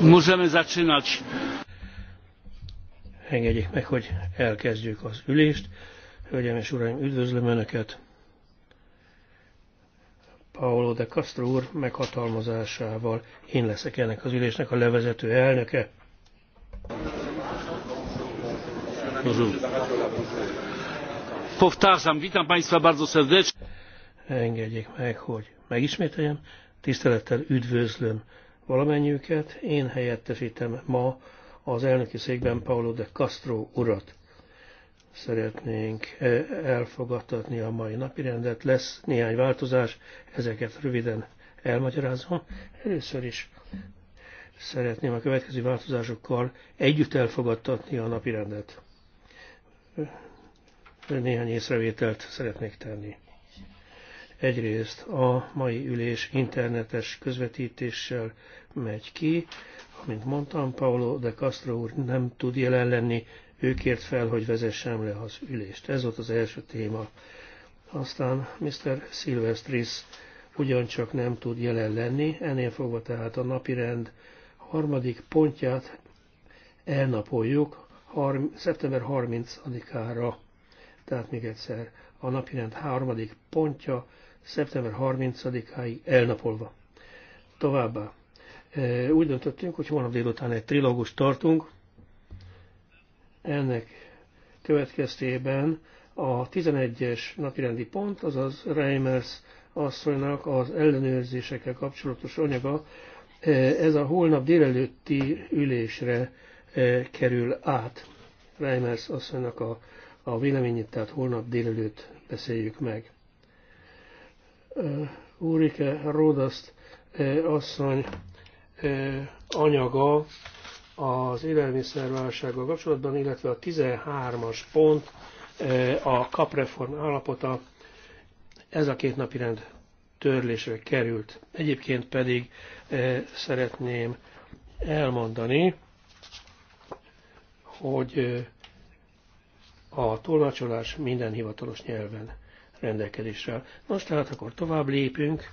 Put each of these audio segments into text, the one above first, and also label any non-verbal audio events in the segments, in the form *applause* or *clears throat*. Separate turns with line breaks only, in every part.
Możemy zaczynać. Engedjék meg, hogy elkezdjük az ülést. Hölgyeim és Uraim, üdvözlöm Önöket! Paolo de Castro úr meghatalmazásával én leszek ennek az ülésnek a levezető elnöke. Powtarzam, witam Państwa bardzo serdecznie. Engedjék meg, hogy megismételjem. Tisztelettel üdvözlöm valamennyiüket. Én helyettesítem ma az elnöki székben Paulo de Castro urat. Szeretnénk eh, elfogadtatni a mai napirendet. Lesz néhány változás, ezeket röviden elmagyarázom. Először is szeretném a következő változásokkal együtt elfogadtatni a napirendet. Eh, néhány észrevételt szeretnék tenni. Egyrészt a mai ülés internetes közvetítéssel megy ki, amint mondtam, Paulo de Castro úr nem tud jelen lenni, ő kért fel, hogy vezessem le az ülést. Ez volt az első téma. Aztán Mr. Silvestris ugyancsak nem tud jelen lenni, ennél fogva tehát a napirend harmadik pontját elnapoljuk szeptember 30-ára. Tehát még egyszer, a napirend harmadik pontja szeptember 30-áig elnapolva. Továbbá e, úgy döntöttünk, hogy holnap délután egy trilógust tartunk. Ennek következtében a 11-es napirendi pont, azaz Reimers asszonynak az ellenőrzésekkel kapcsolatos anyaga, e, ez a holnap délelőtti ülésre e, kerül át. Reimers asszonynak a, a véleményét, tehát holnap délelőtt beszéljük meg. Úrike Rodaszt asszony anyaga az élelmiszerválsággal kapcsolatban, illetve a 13-as pont a kapreform állapota. Ez a két napirend törlésre került. Egyébként pedig szeretném elmondani, hogy a tolmácsolás minden hivatalos nyelven rendelkezésre. Most tehát akkor tovább lépünk.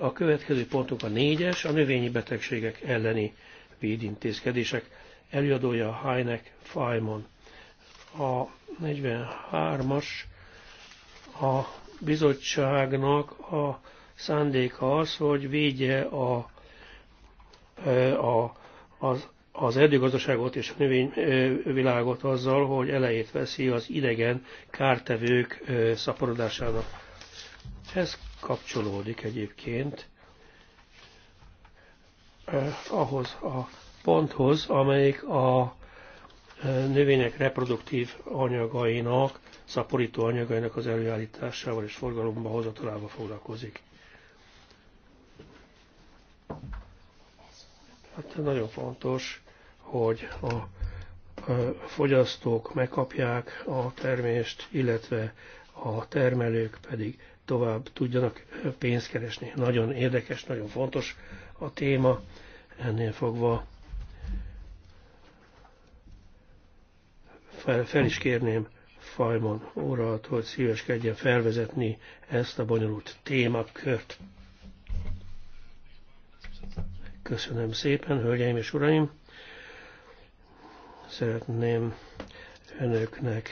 A következő pontunk a négyes, a növényi betegségek elleni védintézkedések. Előadója Heinek Fajmon. A 43-as a bizottságnak a szándéka az, hogy védje a, a, az az erdőgazdaságot és a növényvilágot azzal, hogy elejét veszi az idegen kártevők szaporodásának. Ez kapcsolódik egyébként ahhoz a ponthoz, amelyik a növények reproduktív anyagainak, szaporító anyagainak az előállításával és forgalomba hozatalával foglalkozik. Hát nagyon fontos hogy a fogyasztók megkapják a termést, illetve a termelők pedig tovább tudjanak pénzt keresni. Nagyon érdekes, nagyon fontos a téma, ennél fogva fel, fel is kérném Fajmon órát, hogy szíveskedjen felvezetni ezt a bonyolult témakört. Köszönöm szépen, hölgyeim és uraim! szeretném önöknek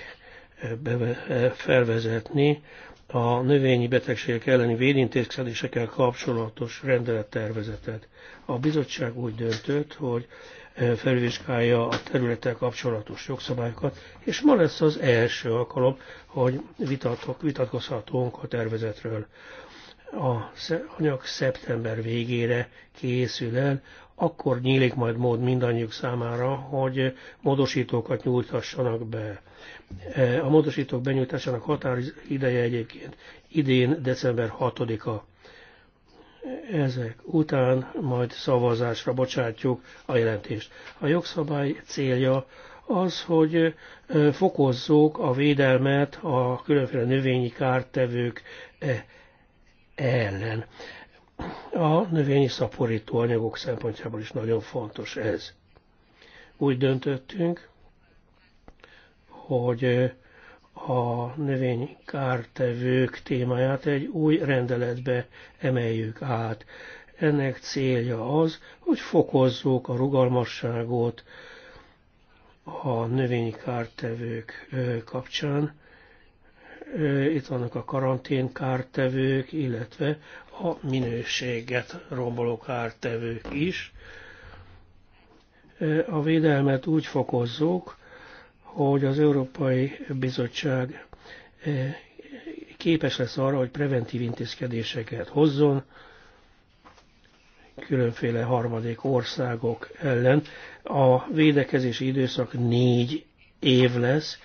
felvezetni a növényi betegségek elleni védintézkedésekkel kapcsolatos rendelettervezetet. A bizottság úgy döntött, hogy e, felvizsgálja a területtel kapcsolatos jogszabályokat, és ma lesz az első alkalom, hogy vitatok, vitatkozhatunk a tervezetről. A anyag szeptember végére készül el, akkor nyílik majd mód mindannyiuk számára, hogy módosítókat nyújtassanak be. E, a módosítók benyújtásának határideje egyébként idén december 6-a. Ezek után majd szavazásra bocsátjuk a jelentést. A jogszabály célja az, hogy e, fokozzuk a védelmet a különféle növényi kártevők e, ellen. A növényi szaporító anyagok szempontjából is nagyon fontos ez. Úgy döntöttünk, hogy a növénykártevők témáját egy új rendeletbe emeljük át. Ennek célja az, hogy fokozzuk a rugalmasságot a növénykártevők kapcsán. Itt vannak a karanténkártevők, illetve a minőséget romboló kártevők is. E, a védelmet úgy fokozzuk, hogy az Európai Bizottság e, képes lesz arra, hogy preventív intézkedéseket hozzon különféle harmadik országok ellen. A védekezési időszak négy év lesz,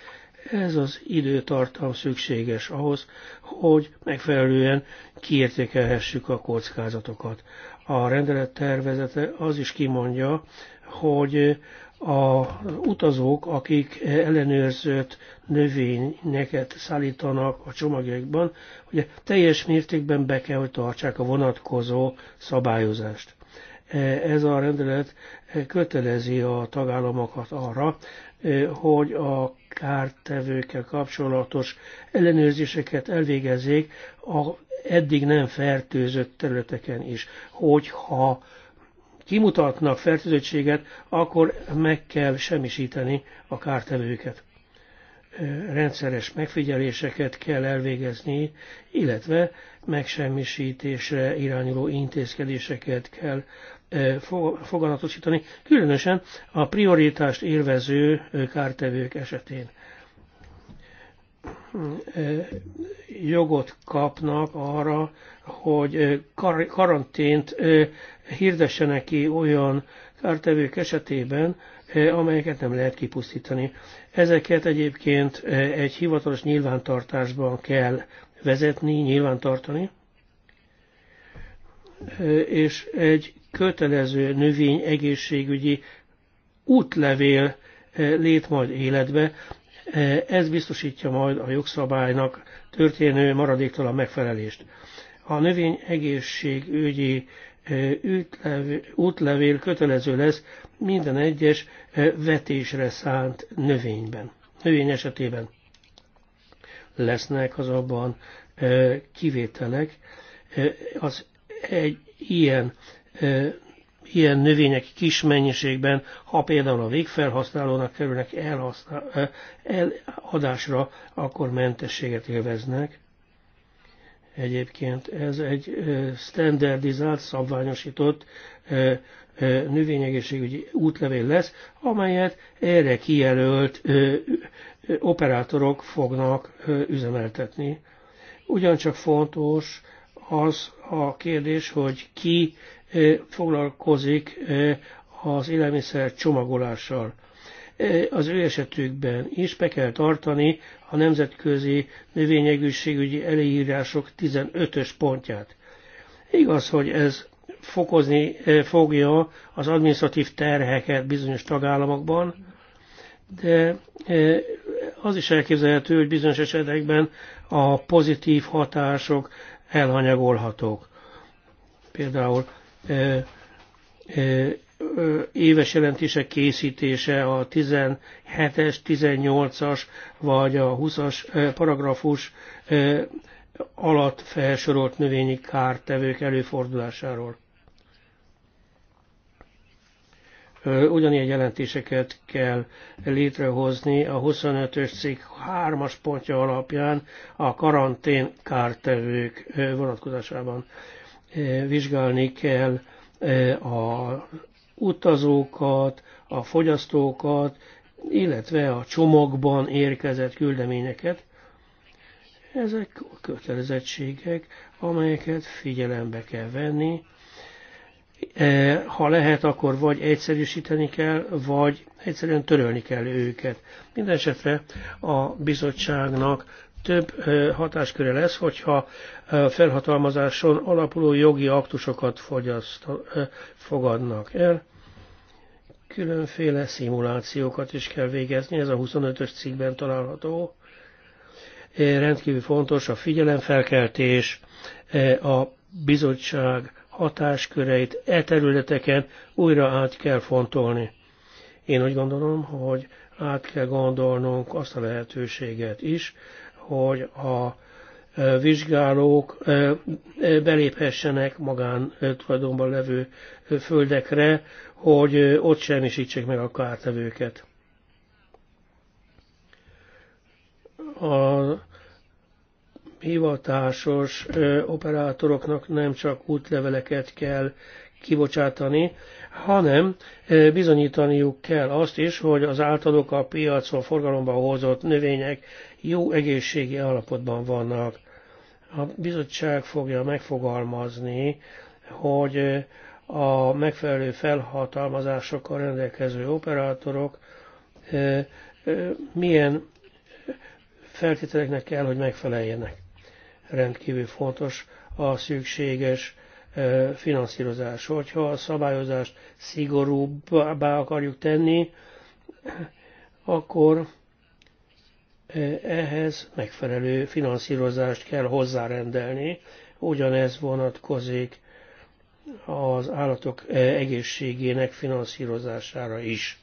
ez az időtartam szükséges ahhoz, hogy megfelelően kiértékelhessük a kockázatokat. A rendelet tervezete az is kimondja, hogy a utazók, akik ellenőrzött növényeket szállítanak a csomagjaikban, ugye teljes mértékben be kell, hogy tartsák a vonatkozó szabályozást. Ez a rendelet kötelezi a tagállamokat arra, Eh, hogy a kártevőkkel kapcsolatos ellenőrzéseket elvégezzék a eddig nem fertőzött területeken is. Hogyha kimutatnak fertőzöttséget, akkor meg kell semmisíteni a kártevőket. Eh, rendszeres megfigyeléseket kell elvégezni, illetve megsemmisítésre irányuló intézkedéseket kell foganatosítani, különösen a prioritást élvező kártevők esetén jogot kapnak arra, hogy kar karantént hirdessenek ki olyan kártevők esetében, amelyeket nem lehet kipusztítani. Ezeket egyébként egy hivatalos nyilvántartásban kell vezetni, nyilvántartani, és egy kötelező növény egészségügyi útlevél eh, lép majd életbe. Eh, ez biztosítja majd a jogszabálynak történő maradéktalan megfelelést. A növény egészségügyi eh, útlevél kötelező lesz minden egyes vetésre szánt növényben, növény esetében. Lesznek azonban kivételek. Az egy ilyen ilyen növények kis mennyiségben, ha például a végfelhasználónak kerülnek eladásra, akkor mentességet élveznek. Egyébként ez egy standardizált, szabványosított növényegészségügyi útlevél lesz, amelyet erre kijelölt operátorok fognak üzemeltetni. Ugyancsak fontos az a kérdés, hogy ki foglalkozik az élelmiszer csomagolással. Az ő esetükben is be kell tartani a nemzetközi növényegészségügyi előírások 15-ös pontját. Igaz, hogy ez fokozni fogja az administratív terheket bizonyos tagállamokban, de az is elképzelhető, hogy bizonyos esetekben a pozitív hatások elhanyagolhatók. Például éves jelentések készítése a 17-es, 18-as vagy a 20-as paragrafus alatt felsorolt növényi kártevők előfordulásáról. Ugyanilyen jelentéseket kell létrehozni a 25-ös cikk 3-as pontja alapján a karantén kártevők vonatkozásában vizsgálni kell a utazókat, a fogyasztókat, illetve a csomagban érkezett küldeményeket. Ezek a kötelezettségek, amelyeket figyelembe kell venni. Ha lehet, akkor vagy egyszerűsíteni kell, vagy egyszerűen törölni kell őket. Mindenesetre a bizottságnak több hatásköre lesz, hogyha felhatalmazáson alapuló jogi aktusokat fogadnak el. Különféle szimulációkat is kell végezni, ez a 25-ös cikkben található. Rendkívül fontos a figyelemfelkeltés, a bizottság hatásköreit e területeken újra át kell fontolni. Én úgy gondolom, hogy át kell gondolnunk azt a lehetőséget is, hogy a vizsgálók beléphessenek magán tulajdonban levő földekre, hogy ott semmisítsék meg a kártevőket. A hivatásos operátoroknak nem csak útleveleket kell kibocsátani, hanem bizonyítaniuk kell azt is, hogy az általuk a piacon forgalomba hozott növények jó egészségi állapotban vannak. A bizottság fogja megfogalmazni, hogy a megfelelő felhatalmazásokkal rendelkező operátorok milyen feltételeknek kell, hogy megfeleljenek. Rendkívül fontos a szükséges finanszírozás. Hogyha a szabályozást szigorúbbá akarjuk tenni, akkor ehhez megfelelő finanszírozást kell hozzárendelni. Ugyanez vonatkozik az állatok egészségének finanszírozására is.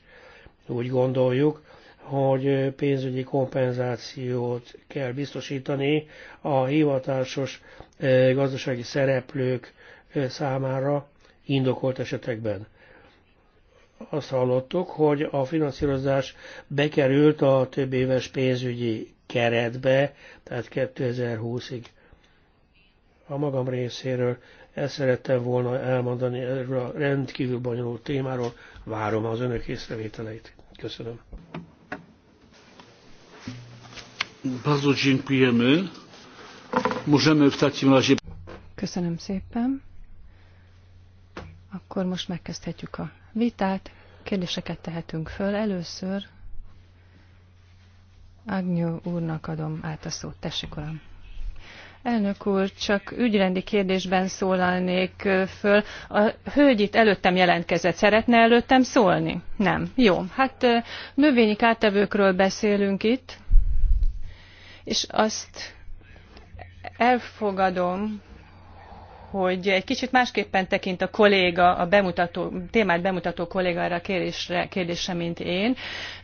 Úgy gondoljuk, hogy pénzügyi kompenzációt kell biztosítani a hivatásos eh, gazdasági szereplők eh, számára indokolt esetekben azt hallottuk, hogy a finanszírozás bekerült a több éves pénzügyi keretbe, tehát 2020-ig. A magam részéről ezt szerettem volna elmondani erről a rendkívül bonyolult témáról. Várom az önök észrevételeit. Köszönöm. Bardzo dziękujemy. Możemy w takim razie...
Köszönöm szépen. Akkor most megkezdhetjük a vitát, kérdéseket tehetünk föl. Először Agnyó úrnak adom át a szót. Tessék, uram! Elnök úr, csak ügyrendi kérdésben szólalnék föl. A hölgy itt előttem jelentkezett. Szeretne előttem szólni? Nem. Jó. Hát növényi kártevőkről beszélünk itt, és azt elfogadom, hogy egy kicsit másképpen tekint a kolléga, a bemutató, témát bemutató kolléga erre a kérdésre, kérdésre, mint én.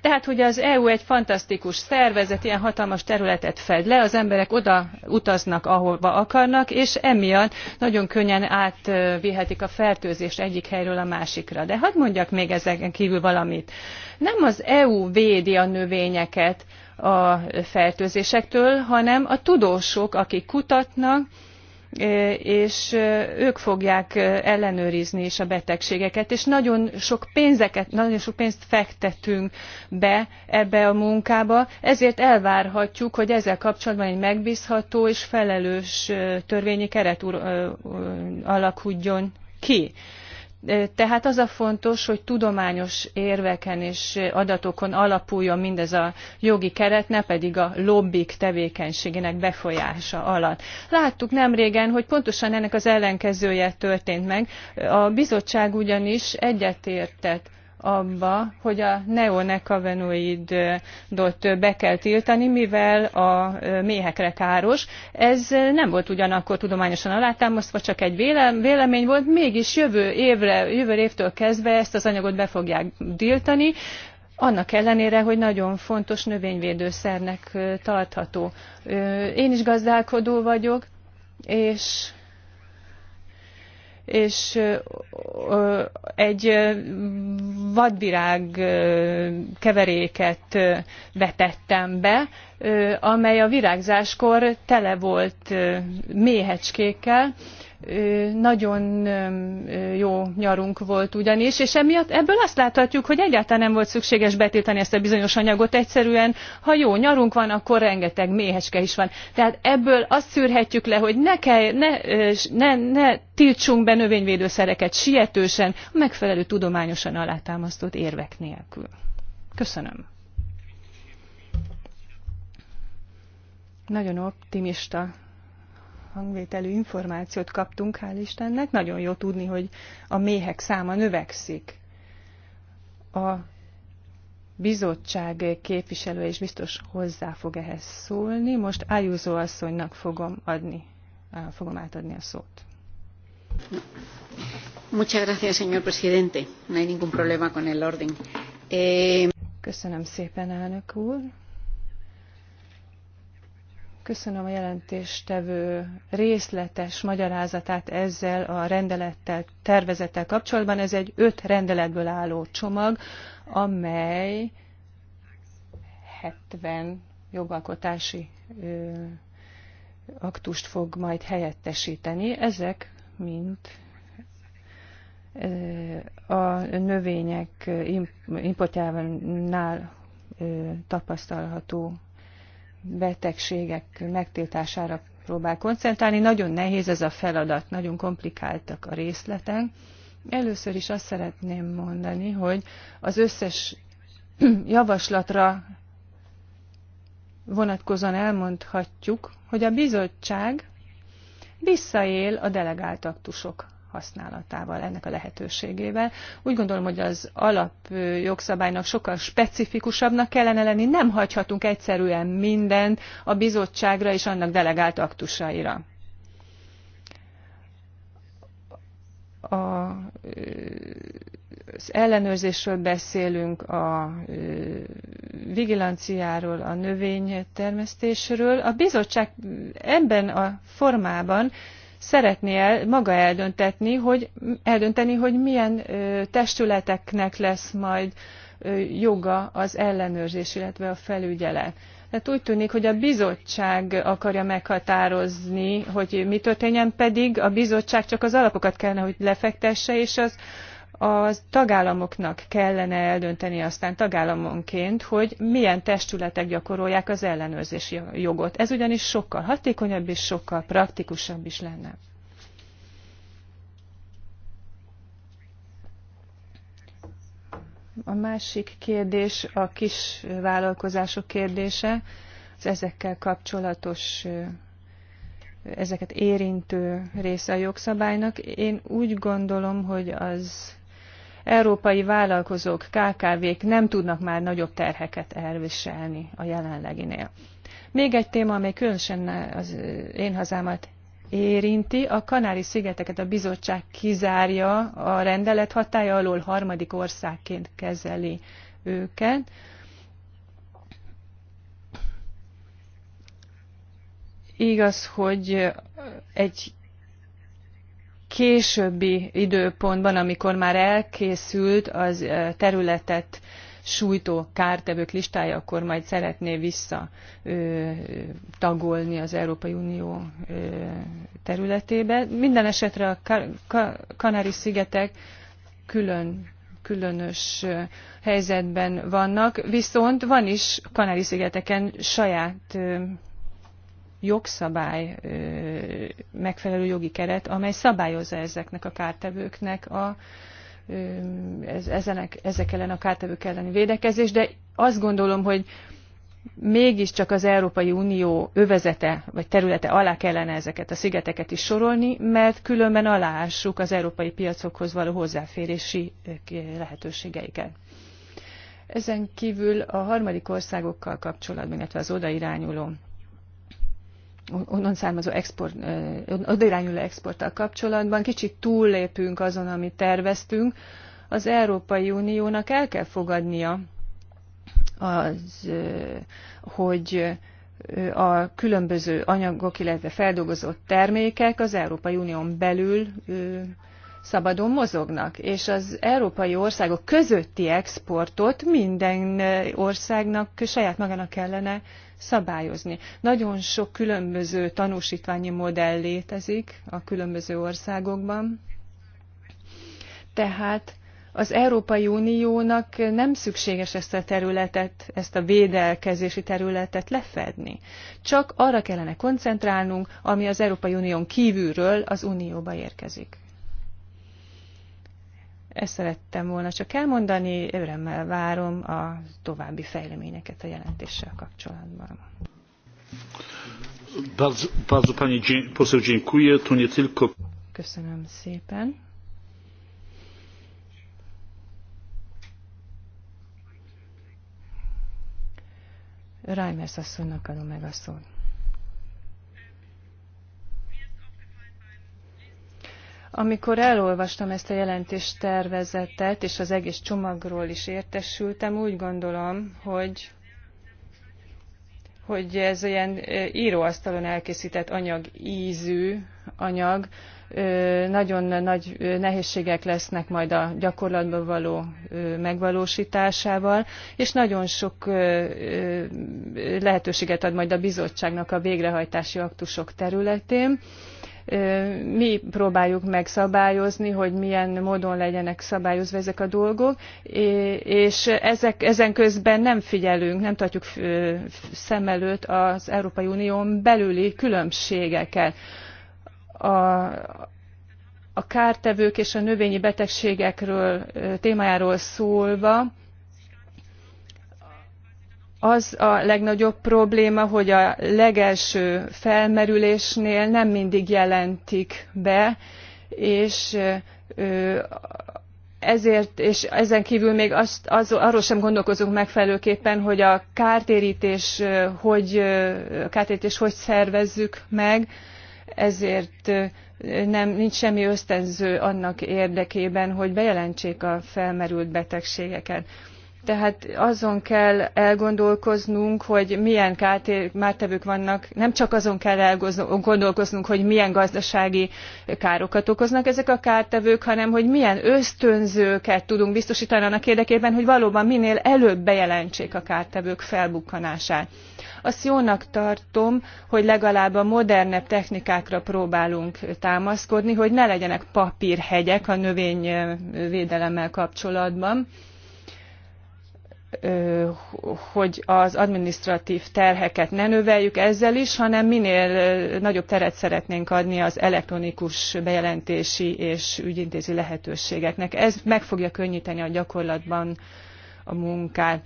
Tehát, hogy az EU egy fantasztikus szervezet, ilyen hatalmas területet fed le, az emberek oda utaznak, ahova akarnak, és emiatt nagyon könnyen átvihetik a fertőzést egyik helyről a másikra. De hadd mondjak még ezeken kívül valamit. Nem az EU védi a növényeket a fertőzésektől, hanem a tudósok, akik kutatnak, E, és e, ők fogják e, ellenőrizni is a betegségeket, és nagyon sok pénzeket, nagyon sok pénzt fektetünk be ebbe a munkába, ezért elvárhatjuk, hogy ezzel kapcsolatban egy megbízható és felelős törvényi keret alakuljon ki tehát az a fontos, hogy tudományos érveken és adatokon alapuljon mindez a jogi keret, ne pedig a lobbik tevékenységének befolyása alatt. Láttuk nem régen, hogy pontosan ennek az ellenkezője történt meg. A bizottság ugyanis egyetértett abba, hogy a neonekavenoidot be kell tiltani, mivel a méhekre káros. Ez nem volt ugyanakkor tudományosan alátámasztva, csak egy vélemény volt, mégis jövő évre, jövő évtől kezdve ezt az anyagot be fogják tiltani, annak ellenére, hogy nagyon fontos növényvédőszernek tartható. Én is gazdálkodó vagyok, és és egy vadvirág keveréket vetettem be, amely a virágzáskor tele volt méhecskékkel, nagyon jó nyarunk volt ugyanis, és emiatt ebből azt láthatjuk, hogy egyáltalán nem volt szükséges betiltani ezt a bizonyos anyagot, egyszerűen, ha jó nyarunk van, akkor rengeteg méhecske is van. Tehát ebből azt szűrhetjük le, hogy ne, kell, ne, ne, ne tiltsunk be növényvédőszereket sietősen, a megfelelő tudományosan alátámasztott érvek nélkül. Köszönöm. Nagyon optimista hangvételű információt kaptunk, hál' Istennek. Nagyon jó tudni, hogy a méhek száma növekszik. A bizottság képviselő és biztos hozzá fog ehhez szólni. Most Ájúzó asszonynak fogom adni, fogom átadni a szót.
Muchas gracias, señor presidente.
No hay ningún problema con el orden. Eh... Köszönöm szépen, elnök úr. Köszönöm a jelentéstevő részletes magyarázatát ezzel a rendelettel, tervezettel kapcsolatban. Ez egy öt rendeletből álló csomag, amely 70 jogalkotási aktust fog majd helyettesíteni. Ezek mint a növények importjánál tapasztalható betegségek megtiltására próbál koncentrálni. Nagyon nehéz ez a feladat, nagyon komplikáltak a részleten. Először is azt szeretném mondani, hogy az összes *clears throat* javaslatra vonatkozóan elmondhatjuk, hogy a bizottság visszaél a delegált aktusok használatával, ennek a lehetőségével. Úgy gondolom, hogy az alapjogszabálynak sokkal specifikusabbnak kellene lenni, nem hagyhatunk egyszerűen mindent a bizottságra és annak delegált aktusaira. A, az ellenőrzésről beszélünk, a vigilanciáról, a növénytermesztésről. A bizottság ebben a formában szeretné el, maga eldöntetni, hogy, eldönteni, hogy milyen testületeknek lesz majd joga az ellenőrzés, illetve a felügyelet. Tehát úgy tűnik, hogy a bizottság akarja meghatározni, hogy mi történjen, pedig a bizottság csak az alapokat kellene, hogy lefektesse, és az a tagállamoknak kellene eldönteni aztán tagállamonként, hogy milyen testületek gyakorolják az ellenőrzési jogot. Ez ugyanis sokkal hatékonyabb és sokkal praktikusabb is lenne. A másik kérdés a kis vállalkozások kérdése, az ezekkel kapcsolatos, ezeket érintő része a jogszabálynak. Én úgy gondolom, hogy az európai vállalkozók, KKV-k nem tudnak már nagyobb terheket elviselni a jelenleginél. Még egy téma, amely különösen az én hazámat érinti, a Kanári-szigeteket a bizottság kizárja a rendelet hatája alól harmadik országként kezeli őket. Igaz, hogy egy későbbi időpontban, amikor már elkészült az területet sújtó kártevők listája, akkor majd szeretné visszatagolni az Európai Unió területébe. Minden esetre a Kanári-szigetek külön különös helyzetben vannak, viszont van is Kanári-szigeteken saját jogszabály, megfelelő jogi keret, amely szabályozza ezeknek a kártevőknek a, ezenek, ezek ellen a kártevők elleni védekezés, de azt gondolom, hogy mégiscsak az Európai Unió övezete vagy területe alá kellene ezeket a szigeteket is sorolni, mert különben aláássuk az európai piacokhoz való hozzáférési lehetőségeiket. Ezen kívül a harmadik országokkal kapcsolatban, illetve az odairányuló irányuló onnan származó export, odirányuló exporttal kapcsolatban kicsit túllépünk azon, amit terveztünk. Az Európai Uniónak el kell fogadnia, az, hogy a különböző anyagok, illetve feldolgozott termékek az Európai Unión belül szabadon mozognak, és az európai országok közötti exportot minden országnak saját magának kellene szabályozni. Nagyon sok különböző tanúsítványi modell létezik a különböző országokban, tehát az Európai Uniónak nem szükséges ezt a területet, ezt a védelkezési területet lefedni. Csak arra kellene koncentrálnunk, ami az Európai Unión kívülről az Unióba érkezik. Ezt szerettem volna csak elmondani, örömmel várom a további fejleményeket a jelentéssel kapcsolatban.
Bardzo, bardzo pani poseł dziękuję. nie tylko...
Köszönöm szépen. Reimers asszonynak adom meg a szót. Amikor elolvastam ezt a jelentést tervezetet, és az egész csomagról is értesültem, úgy gondolom, hogy hogy ez ilyen íróasztalon elkészített anyag ízű anyag, nagyon nagy nehézségek lesznek majd a gyakorlatban való megvalósításával, és nagyon sok lehetőséget ad majd a bizottságnak a végrehajtási aktusok területén mi próbáljuk megszabályozni, hogy milyen módon legyenek szabályozva ezek a dolgok, és ezek, ezen közben nem figyelünk, nem tartjuk szem előtt az Európai Unión belüli különbségeket. A, a kártevők és a növényi betegségekről témájáról szólva, az a legnagyobb probléma, hogy a legelső felmerülésnél nem mindig jelentik be, és ezért, és ezen kívül még azt, az, arról sem gondolkozunk megfelelőképpen, hogy a kártérítés hogy, a kártérítés hogy szervezzük meg, ezért nem, nincs semmi ösztönző annak érdekében, hogy bejelentsék a felmerült betegségeket tehát azon kell elgondolkoznunk, hogy milyen kártevők vannak, nem csak azon kell elgondolkoznunk, hogy milyen gazdasági károkat okoznak ezek a kártevők, hanem hogy milyen ösztönzőket tudunk biztosítani annak érdekében, hogy valóban minél előbb bejelentsék a kártevők felbukkanását. Azt jónak tartom, hogy legalább a modernebb technikákra próbálunk támaszkodni, hogy ne legyenek papírhegyek a növényvédelemmel kapcsolatban hogy az administratív terheket ne növeljük ezzel is, hanem minél nagyobb teret szeretnénk adni az elektronikus bejelentési és ügyintézi lehetőségeknek. Ez meg fogja könnyíteni a gyakorlatban a munkát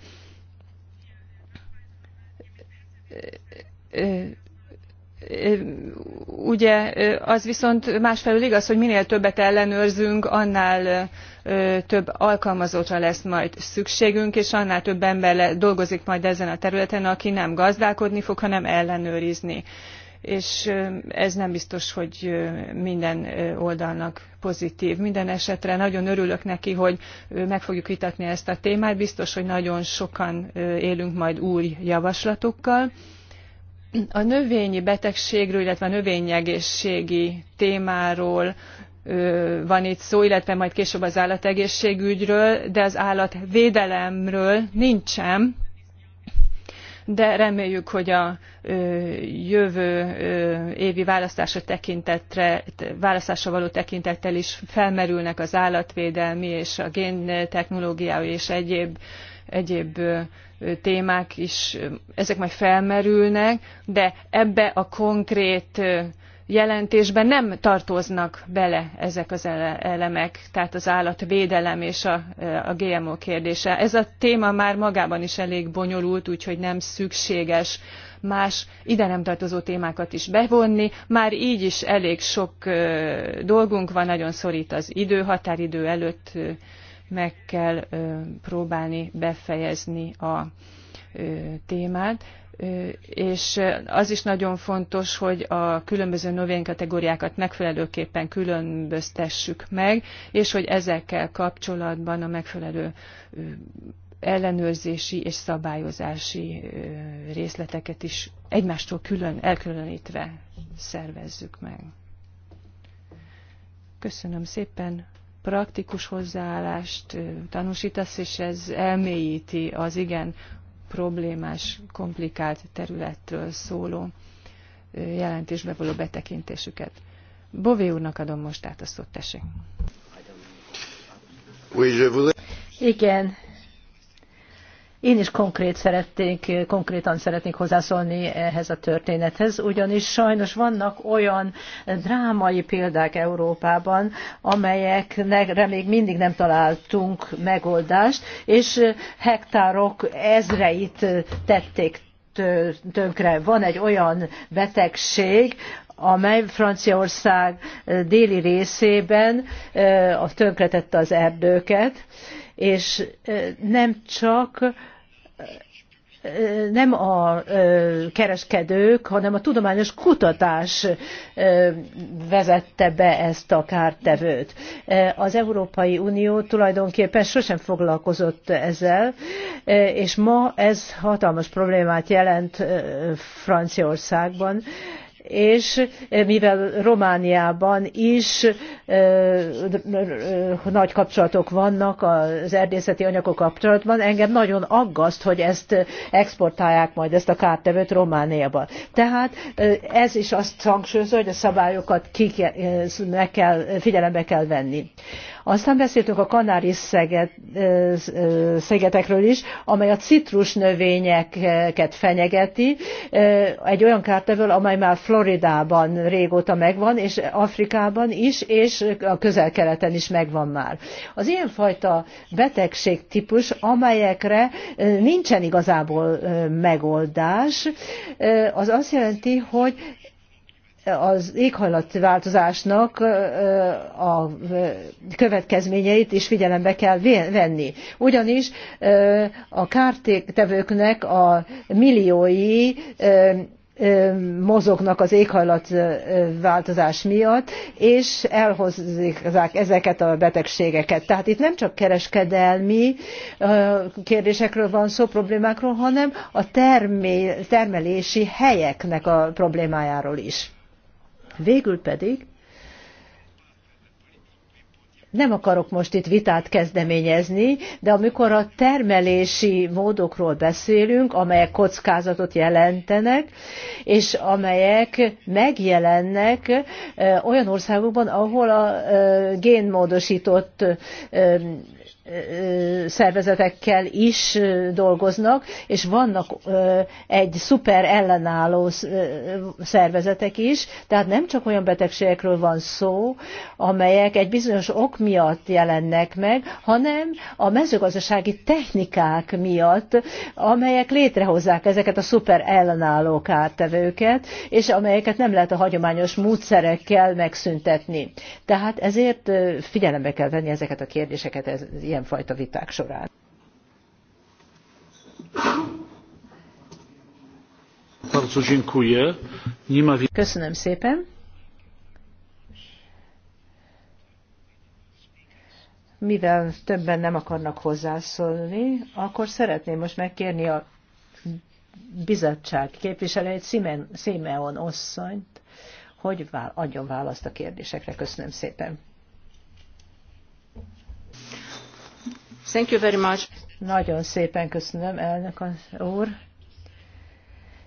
ugye az viszont másfelől igaz hogy minél többet ellenőrzünk annál több alkalmazottra lesz majd szükségünk és annál több ember dolgozik majd ezen a területen aki nem gazdálkodni fog hanem ellenőrizni és ez nem biztos hogy minden oldalnak pozitív. minden esetre nagyon örülök neki hogy meg fogjuk vitatni ezt a témát biztos hogy nagyon sokan élünk majd új javaslatokkal a növényi betegségről, illetve a növényegészségi témáról van itt szó, illetve majd később az állategészségügyről, de az állatvédelemről nincsen de reméljük, hogy a jövő évi választásra, tekintetre, választásra való tekintettel is felmerülnek az állatvédelmi és a géntechnológiai és egyéb, egyéb témák is, ezek majd felmerülnek, de ebbe a konkrét jelentésben nem tartoznak bele ezek az elemek, tehát az állatvédelem és a, a GMO kérdése. Ez a téma már magában is elég bonyolult, úgyhogy nem szükséges más ide nem tartozó témákat is bevonni. Már így is elég sok dolgunk van, nagyon szorít az idő, határidő előtt meg kell próbálni befejezni a témát és az is nagyon fontos, hogy a különböző növénykategóriákat megfelelőképpen különböztessük meg, és hogy ezekkel kapcsolatban a megfelelő ellenőrzési és szabályozási részleteket is egymástól külön, elkülönítve szervezzük meg. Köszönöm szépen, praktikus hozzáállást tanúsítasz, és ez elmélyíti az igen problémás, komplikált területről szóló jelentésbe való betekintésüket.
Bové úrnak adom most át a szót, tessék. Igen, én is konkrét szeretnék, konkrétan szeretnék hozzászólni ehhez a történethez, ugyanis sajnos vannak olyan drámai példák Európában, amelyekre még mindig nem találtunk megoldást, és hektárok ezreit tették tönkre. Van egy olyan betegség, amely Franciaország déli részében tönkretette az erdőket, és nem csak nem a kereskedők, hanem a tudományos kutatás vezette be ezt a kártevőt. Az Európai Unió tulajdonképpen sosem foglalkozott ezzel, és ma ez hatalmas problémát jelent Franciaországban és eh, mivel Romániában is eh, eh, nagy kapcsolatok vannak az erdészeti anyagok kapcsolatban, engem nagyon aggaszt, hogy ezt exportálják majd ezt a kártevőt Romániába. Tehát ez is azt hangsúlyozza, hogy a szabályokat ki, meg kell, figyelembe kell venni. Aztán beszéltünk a kanári szeget, szegetekről is, amely a citrus növényeket fenyegeti, egy olyan kártevől, amely már Floridában régóta megvan, és Afrikában is, és a közel-keleten is megvan már. Az ilyenfajta betegségtípus, amelyekre nincsen igazából megoldás, az azt jelenti, hogy az éghajlatváltozásnak a következményeit is figyelembe kell venni. Ugyanis a kártevőknek a milliói mozognak az éghajlatváltozás miatt, és elhozzák ezeket a betegségeket. Tehát itt nem csak kereskedelmi kérdésekről van szó, problémákról, hanem a termelési helyeknek a problémájáról is. Végül pedig nem akarok most itt vitát kezdeményezni, de amikor a termelési módokról beszélünk, amelyek kockázatot jelentenek, és amelyek megjelennek olyan országokban, ahol a génmódosított szervezetekkel is dolgoznak, és vannak egy szuper ellenálló szervezetek is, tehát nem csak olyan betegségekről van szó, amelyek egy bizonyos ok miatt jelennek meg, hanem a mezőgazdasági technikák miatt, amelyek létrehozzák ezeket a szuper ellenálló kártevőket, és amelyeket nem lehet a hagyományos módszerekkel megszüntetni. Tehát ezért figyelembe kell venni ezeket a kérdéseket, ez ilyenfajta viták során.
Köszönöm szépen.
Mivel többen nem akarnak hozzászólni, akkor szeretném most megkérni a bizottság képviselőjét, Simeon asszonyt, hogy adjon választ a kérdésekre. Köszönöm szépen. Thank you very much. Nagyon szépen köszönöm, elnök úr.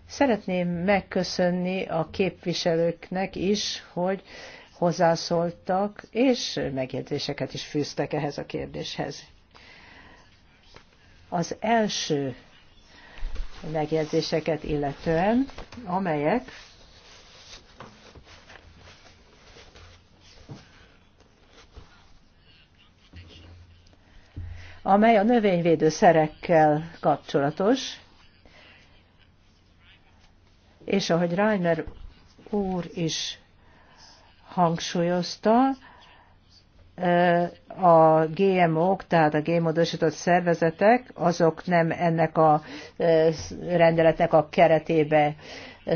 Szeretném megköszönni a képviselőknek is, hogy hozzászóltak, és megjegyzéseket is fűztek ehhez a kérdéshez. Az első megjegyzéseket illetően, amelyek amely a szerekkel kapcsolatos, és ahogy Reimer úr is hangsúlyozta, eh, a GMO-k, tehát a gémodosított szervezetek, azok nem ennek a eh, rendeletnek a keretébe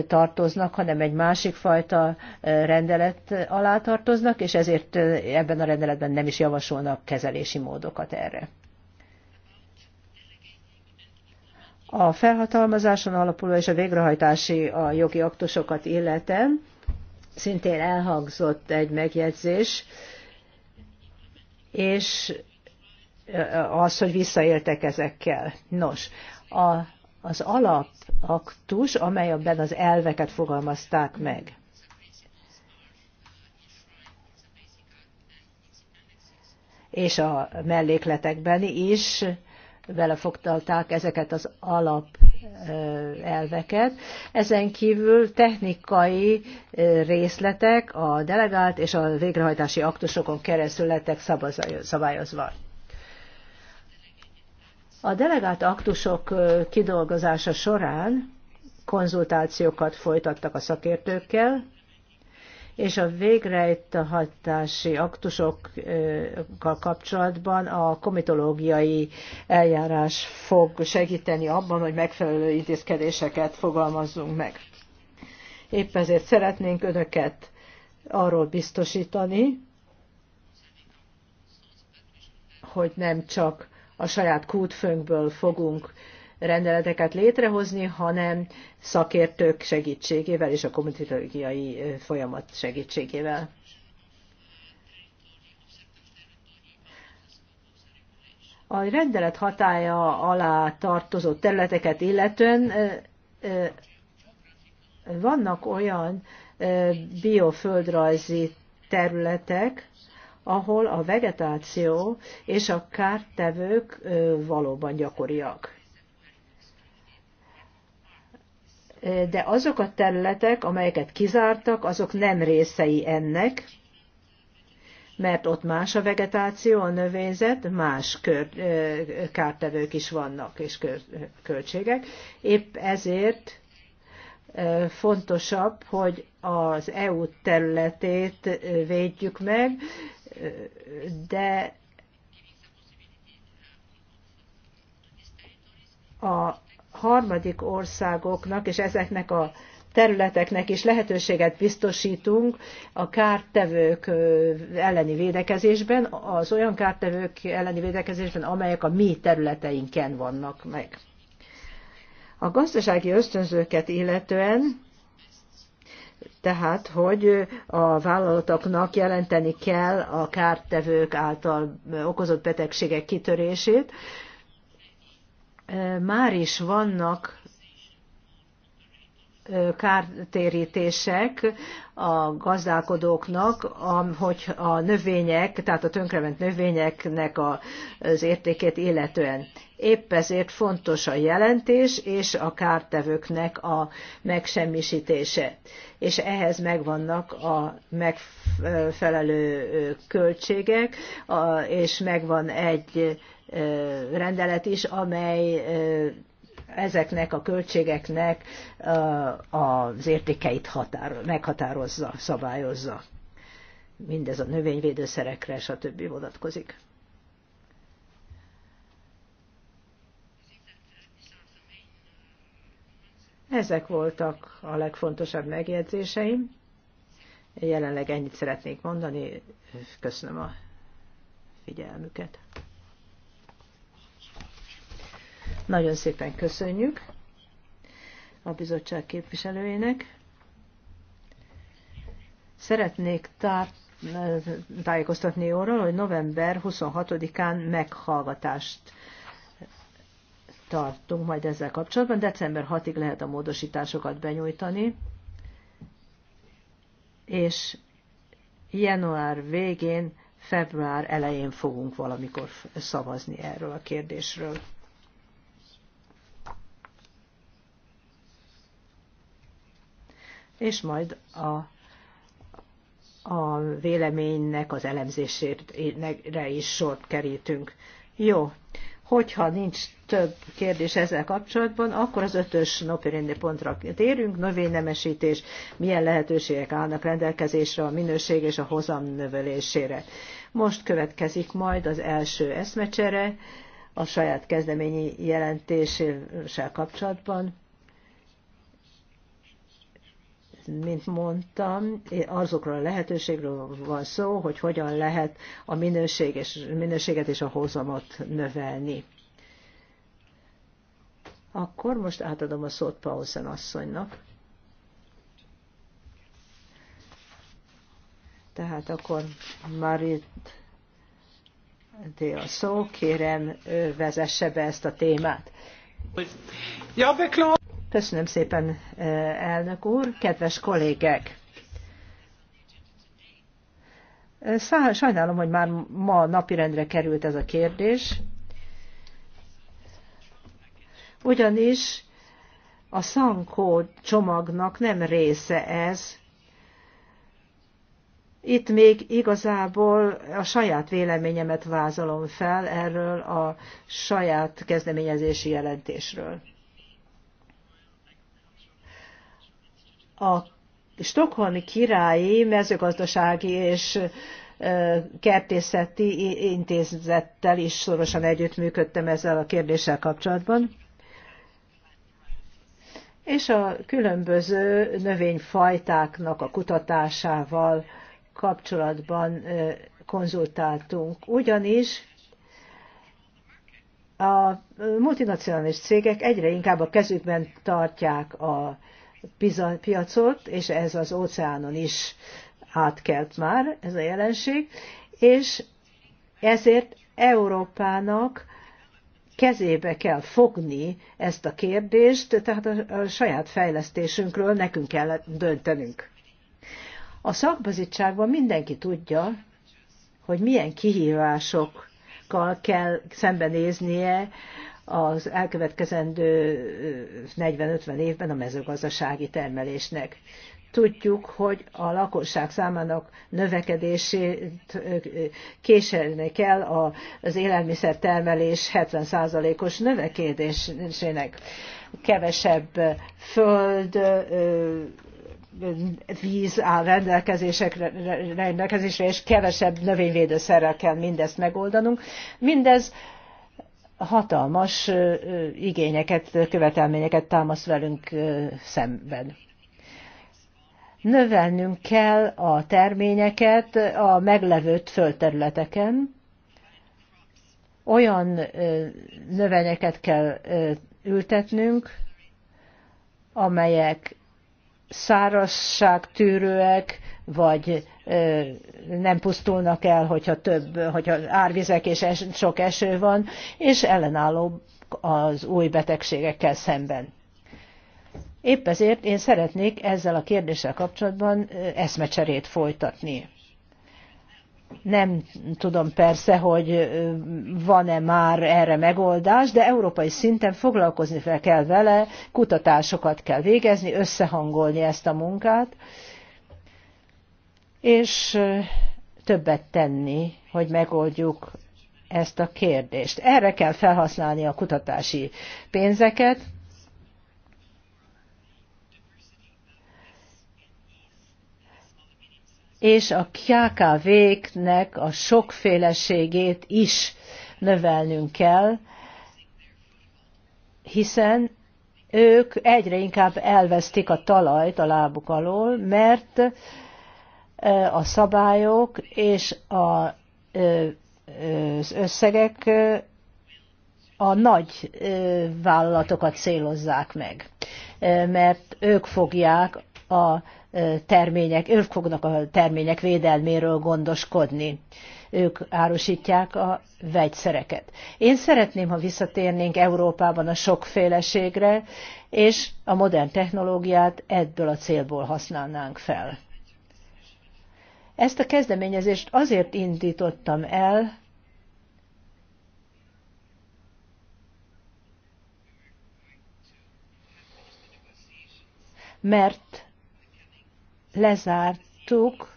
tartoznak, hanem egy másik fajta eh, rendelet alá tartoznak, és ezért ebben a rendeletben nem is javasolnak kezelési módokat erre. a felhatalmazáson alapuló és a végrehajtási a jogi aktusokat illeten szintén elhangzott egy megjegyzés, és az, hogy visszaéltek ezekkel. Nos, a, az alapaktus, amely abban az elveket fogalmazták meg. És a mellékletekben is belefogtalták ezeket az alap elveket. Ezen kívül technikai részletek a delegált és a végrehajtási aktusokon keresztül lettek szabályozva. A delegált aktusok kidolgozása során konzultációkat folytattak a szakértőkkel, és a végrehajtási aktusokkal kapcsolatban a komitológiai eljárás fog segíteni abban, hogy megfelelő intézkedéseket fogalmazzunk meg. Épp ezért szeretnénk önöket arról biztosítani, hogy nem csak a saját kútfőnkből fogunk rendeleteket létrehozni, hanem szakértők segítségével és a komitológiai folyamat segítségével. A rendelet hatája alá tartozó területeket illetően vannak olyan bioföldrajzi területek, ahol a vegetáció és a kártevők valóban gyakoriak. de azok a területek, amelyeket kizártak, azok nem részei ennek, mert ott más a vegetáció, a növényzet, más kör, kártevők is vannak és kör, költségek. Épp ezért fontosabb, hogy az EU területét védjük meg, de a harmadik országoknak és ezeknek a területeknek is lehetőséget biztosítunk a kártevők elleni védekezésben, az olyan kártevők elleni védekezésben, amelyek a mi területeinken vannak meg. A gazdasági ösztönzőket illetően tehát, hogy a vállalatoknak jelenteni kell a kártevők által okozott betegségek kitörését, már is vannak kártérítések a gazdálkodóknak, hogy a növények, tehát a tönkrement növényeknek az értékét illetően. Épp ezért fontos a jelentés és a kártevőknek a megsemmisítése. És ehhez megvannak a megfelelő költségek, és megvan egy rendelet is, amely ezeknek a költségeknek az értékeit határ, meghatározza, szabályozza. Mindez a növényvédőszerekre, stb. vonatkozik. Ezek voltak a legfontosabb megjegyzéseim. Jelenleg ennyit szeretnék mondani. Köszönöm a figyelmüket. Nagyon szépen köszönjük a bizottság képviselőjének. Szeretnék tájékoztatni arról, hogy november 26-án meghallgatást tartunk majd ezzel kapcsolatban. December 6-ig lehet a módosításokat benyújtani, és január végén, február elején fogunk valamikor szavazni erről a kérdésről. és majd a a véleménynek, az elemzésére is sort kerítünk. Jó, hogyha nincs több kérdés ezzel kapcsolatban, akkor az ötös napirendi pontra térünk, növénynemesítés, milyen lehetőségek állnak rendelkezésre a minőség és a hozam növelésére. Most következik majd az első eszmecsere a saját kezdeményi jelentéssel kapcsolatban mint mondtam, azokról a lehetőségről van szó, hogy hogyan lehet a minőség és, minőséget és a hozamot növelni. Akkor most átadom a szót Paulsen asszonynak. Tehát akkor Marit a szó, kérem, vezesse be ezt a témát. Ja, Köszönöm szépen, eh, elnök úr, kedves kollégek! Eh, sajnálom, hogy már ma napirendre került ez a kérdés, ugyanis a szankó csomagnak nem része ez. Itt még igazából a saját véleményemet vázolom fel erről a saját kezdeményezési jelentésről. a Stockholmi Királyi Mezőgazdasági és Kertészeti Intézettel is szorosan együttműködtem ezzel a kérdéssel kapcsolatban. És a különböző növényfajtáknak a kutatásával kapcsolatban konzultáltunk. Ugyanis a multinacionális cégek egyre inkább a kezükben tartják a piacot, és ez az óceánon is átkelt már ez a jelenség, és ezért Európának kezébe kell fogni ezt a kérdést, tehát a saját fejlesztésünkről nekünk kell döntenünk. A szakbizottságban mindenki tudja, hogy milyen kihívásokkal kell szembenéznie az elkövetkezendő 40-50 évben a mezőgazdasági termelésnek. Tudjuk, hogy a lakosság számának növekedését késelni kell az élelmiszertermelés 70%-os növekedésének. Kevesebb föld, víz áll rendelkezésre, és kevesebb növényvédőszerrel kell mindezt megoldanunk. Mindez hatalmas igényeket, követelményeket támasz velünk szemben. Növelnünk kell a terményeket a meglevőt földterületeken, olyan növényeket kell ültetnünk, amelyek szárazságtűrőek, vagy nem pusztulnak el, hogyha több, hogyha árvizek és es, sok eső van, és ellenálló az új betegségekkel szemben. Épp ezért én szeretnék ezzel a kérdéssel kapcsolatban eszmecserét folytatni. Nem tudom persze, hogy van-e már erre megoldás, de európai szinten foglalkozni fel kell vele, kutatásokat kell végezni, összehangolni ezt a munkát, és többet tenni, hogy megoldjuk ezt a kérdést. Erre kell felhasználni a kutatási pénzeket, és a KKV-knek a sokféleségét is növelnünk kell, hiszen ők egyre inkább elvesztik a talajt a lábuk alól, mert a szabályok és a, az összegek a nagy vállalatokat célozzák meg, mert ők fogják a termények, ők fognak a termények védelméről gondoskodni. Ők árusítják a vegyszereket. Én szeretném, ha visszatérnénk Európában a sokféleségre, és a modern technológiát ebből a célból használnánk fel. Ezt a kezdeményezést azért indítottam el, mert lezártuk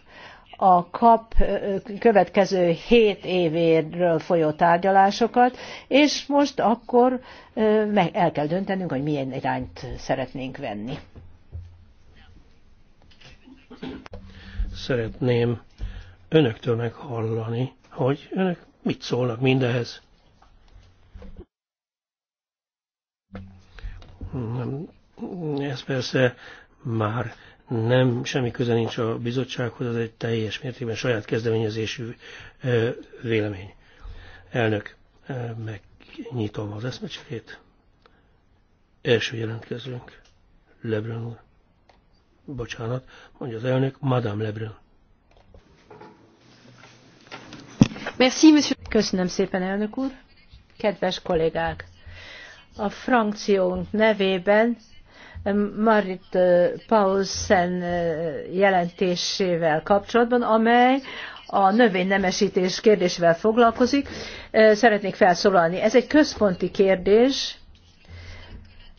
a kap következő 7 évéről folyó tárgyalásokat, és most akkor meg el kell döntenünk, hogy milyen irányt szeretnénk venni
szeretném önöktől meghallani, hogy önök mit szólnak mindehez. Ez persze már nem, semmi köze nincs a bizottsághoz, ez egy teljes mértékben saját kezdeményezésű vélemény. Elnök, megnyitom az eszmecserét. Első jelentkezőnk, Lebrun úr. Bocsánat, mondja az elnök, Madame Lebrun.
Merci, monsieur. Köszönöm szépen, elnök úr. Kedves kollégák! A frankciónk nevében Marit eh, Paulsen eh, jelentésével kapcsolatban, amely a növénynemesítés kérdésével foglalkozik. Eh, szeretnék felszólalni. Ez egy központi kérdés,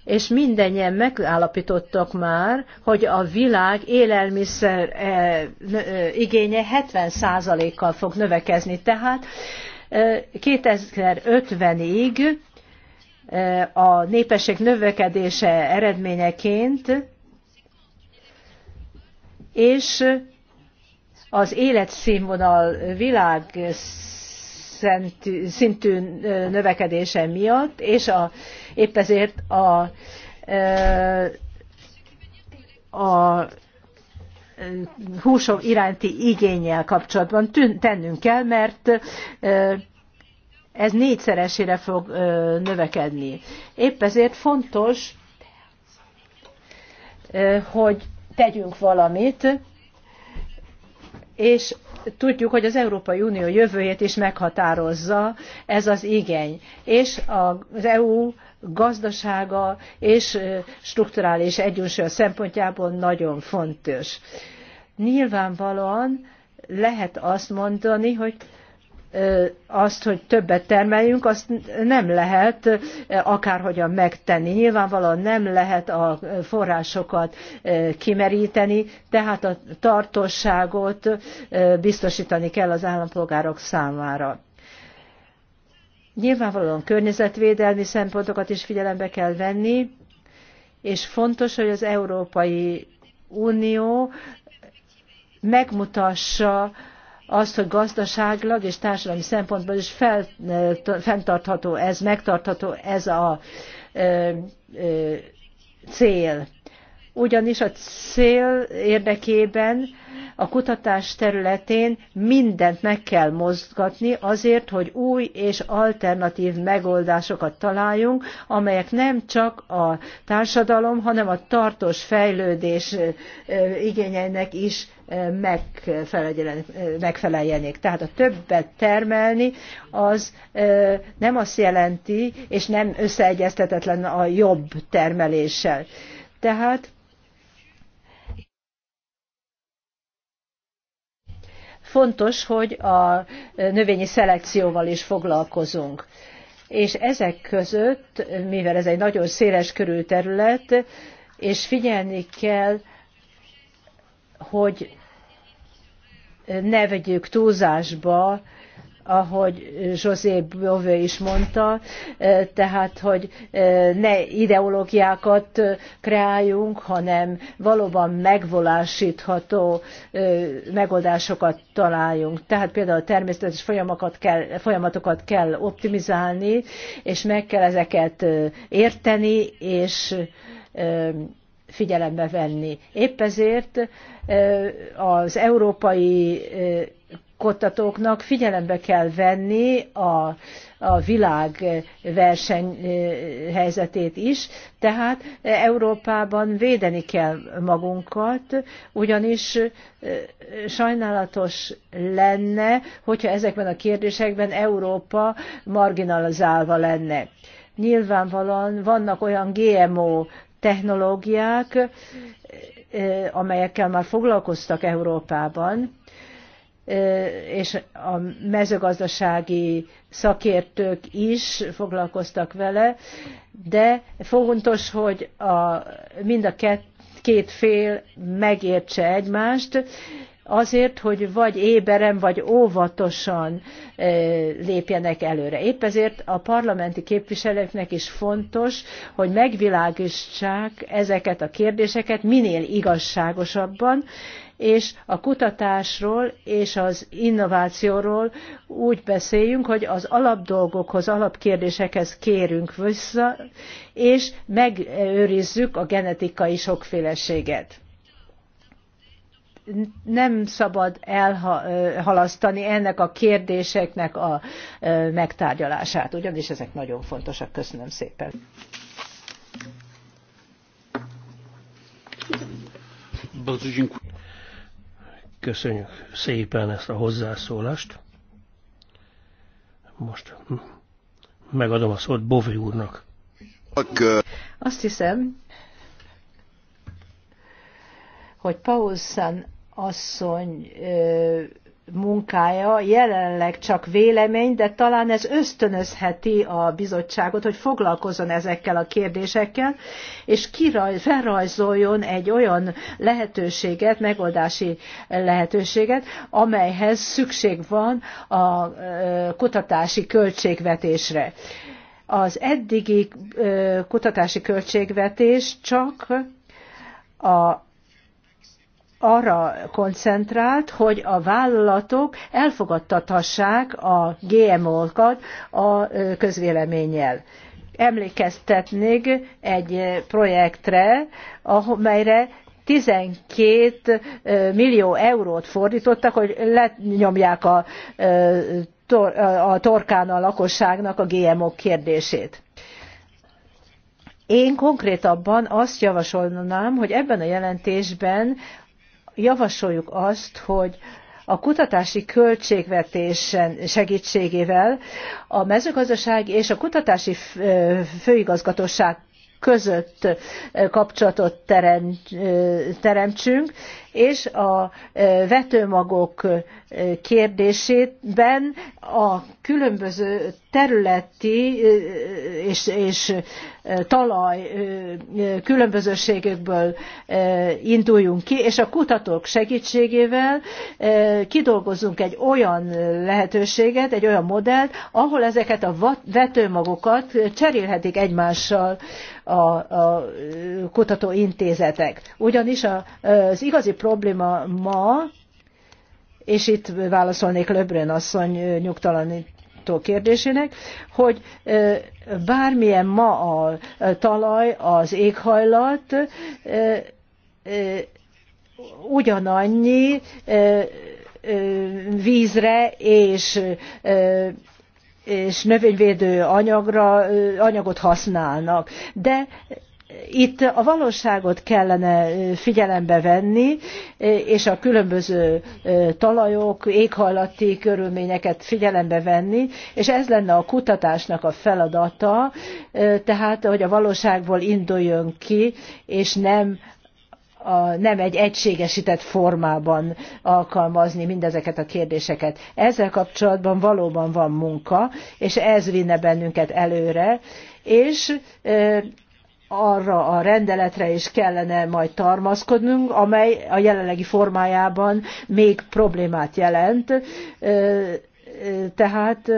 és mindennyien megállapítottak már, hogy a világ élelmiszer eh, eh, igénye 70%-kal fog növekezni. Tehát 2050-ig eh, a népesség növekedése eredményeként és az életszínvonal világ szintű növekedése miatt, és a, épp ezért a, a húsok iránti igényel kapcsolatban tennünk kell, mert ez négyszeresére fog növekedni. Épp ezért fontos, hogy tegyünk valamit, és tudjuk, hogy az Európai Unió jövőjét is meghatározza ez az igény. És az EU gazdasága és strukturális egyensúly szempontjából nagyon fontos. Nyilvánvalóan lehet azt mondani, hogy azt, hogy többet termeljünk, azt nem lehet akárhogyan megtenni. Nyilvánvalóan nem lehet a forrásokat kimeríteni, tehát a tartóságot biztosítani kell az állampolgárok számára. Nyilvánvalóan környezetvédelmi szempontokat is figyelembe kell venni, és fontos, hogy az Európai Unió megmutassa, azt, hogy gazdaságlag és társadalmi szempontból is fel, fenntartható ez, megtartható ez a ö, ö, cél. Ugyanis a cél érdekében a kutatás területén mindent meg kell mozgatni azért, hogy új és alternatív megoldásokat találjunk, amelyek nem csak a társadalom, hanem a tartós fejlődés igényeinek is megfeleljenek. Tehát a többet termelni az nem azt jelenti, és nem összeegyeztetetlen a jobb termeléssel. Tehát fontos, hogy a növényi szelekcióval is foglalkozunk. És ezek között, mivel ez egy nagyon széles körű terület, és figyelni kell, hogy ne vegyük túlzásba, ahogy José Bové is mondta, eh, tehát, hogy eh, ne ideológiákat eh, kreáljunk, hanem valóban megvolásítható megoldásokat találjunk. Tehát például természetes folyamatokat kell, folyamatokat kell optimizálni, és meg kell ezeket érteni, és figyelembe venni. Épp ezért az európai kottatóknak figyelembe kell venni a, a világ versenyhelyzetét is, tehát Európában védeni kell magunkat, ugyanis sajnálatos lenne, hogyha ezekben a kérdésekben Európa marginalizálva lenne nyilvánvalóan vannak olyan GMO technológiák, eh, amelyekkel már foglalkoztak Európában, eh, és a mezőgazdasági szakértők is foglalkoztak vele, de fontos, hogy a, mind a két fél megértse egymást, azért, hogy vagy éberen, vagy óvatosan lépjenek előre. Épp ezért a parlamenti képviselőknek is fontos, hogy megvilágítsák ezeket a kérdéseket minél igazságosabban, és a kutatásról és az innovációról úgy beszéljünk, hogy az alapdolgokhoz, alapkérdésekhez kérünk vissza, és megőrizzük a genetikai sokféleséget nem szabad elhalasztani ennek a kérdéseknek a megtárgyalását, ugyanis ezek nagyon fontosak. Köszönöm szépen.
Köszönjük szépen ezt a hozzászólást. Most megadom a szót Bovi úrnak.
Azt hiszem, hogy Paulsen asszony munkája jelenleg csak vélemény, de talán ez ösztönözheti a bizottságot, hogy foglalkozzon ezekkel a kérdésekkel, és kiraj, felrajzoljon egy olyan lehetőséget, megoldási lehetőséget, amelyhez szükség van a kutatási költségvetésre. Az eddigi kutatási költségvetés csak a arra koncentrált, hogy a vállalatok elfogadtathassák a GMO-kat a közvéleménnyel. Emlékeztetnék egy projektre, amelyre 12 millió eurót fordítottak, hogy lenyomják a, a torkán a lakosságnak a GMO kérdését. Én konkrétabban azt javasolnám, hogy ebben a jelentésben javasoljuk azt, hogy a kutatási költségvetés segítségével a mezőgazdaság és a kutatási főigazgatóság között kapcsolatot teremtsünk, és a vetőmagok kérdésében a különböző területi és, és talaj különbözőségekből induljunk ki, és a kutatók segítségével kidolgozzunk egy olyan lehetőséget, egy olyan modellt, ahol ezeket a vetőmagokat cserélhetik egymással a, a kutatóintézetek. Ugyanis az igazi probléma ma, és itt válaszolnék Löbrön asszony nyugtalanító kérdésének, hogy bármilyen ma a talaj, az éghajlat, ugyanannyi vízre és és növényvédő anyagra, anyagot használnak. De itt a valóságot kellene figyelembe venni, és a különböző talajok, éghajlati körülményeket figyelembe venni, és ez lenne a kutatásnak a feladata, tehát hogy a valóságból induljon ki, és nem a, nem egy egységesített formában alkalmazni mindezeket a kérdéseket. Ezzel kapcsolatban valóban van munka, és ez vinne bennünket előre, és arra a rendeletre is kellene majd tarmaszkodnunk, amely a jelenlegi formájában még problémát jelent. Tehát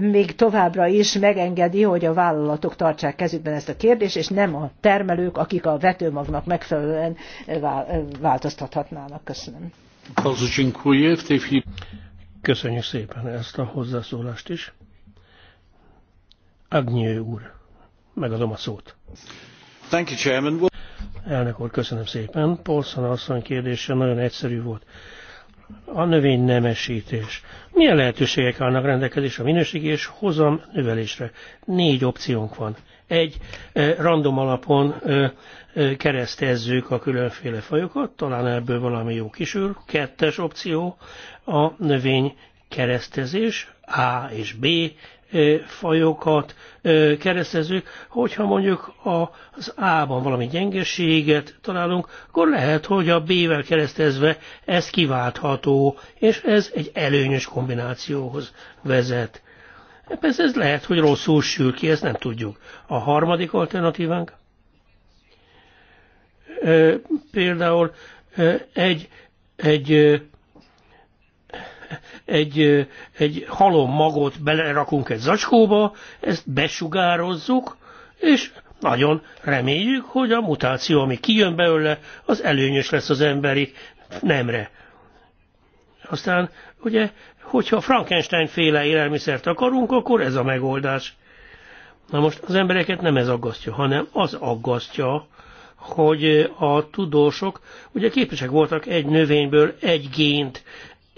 még továbbra is megengedi, hogy a vállalatok tartsák kezükben ezt a kérdést, és nem a termelők, akik a vetőmagnak megfelelően változtathatnának. Köszönöm.
Köszönjük szépen ezt a hozzászólást is. Agnyő úr megadom a szót. Thank you, Chairman. Elnök úr, köszönöm szépen. Paulson asszony kérdése nagyon egyszerű volt. A növény nemesítés. Milyen lehetőségek állnak rendelkezésre a minőség és hozam növelésre? Négy opciónk van. Egy, eh, random alapon eh, eh, keresztezzük a különféle fajokat, talán ebből valami jó kisül. Kettes opció, a növény keresztezés, A és B fajokat keresztezünk, hogyha mondjuk az A-ban valami gyengeséget találunk, akkor lehet, hogy a B-vel keresztezve ez kiváltható, és ez egy előnyös kombinációhoz vezet. E, persze ez lehet, hogy rosszul sül ki, ezt nem tudjuk. A harmadik alternatívánk például egy, egy egy, egy halom magot belerakunk egy zacskóba, ezt besugározzuk, és nagyon reméljük, hogy a mutáció, ami kijön belőle, az előnyös lesz az emberi nemre. Aztán, ugye, hogyha Frankenstein féle élelmiszert akarunk, akkor ez a megoldás. Na most az embereket nem ez aggasztja, hanem az aggasztja, hogy a tudósok ugye képesek voltak egy növényből egy gént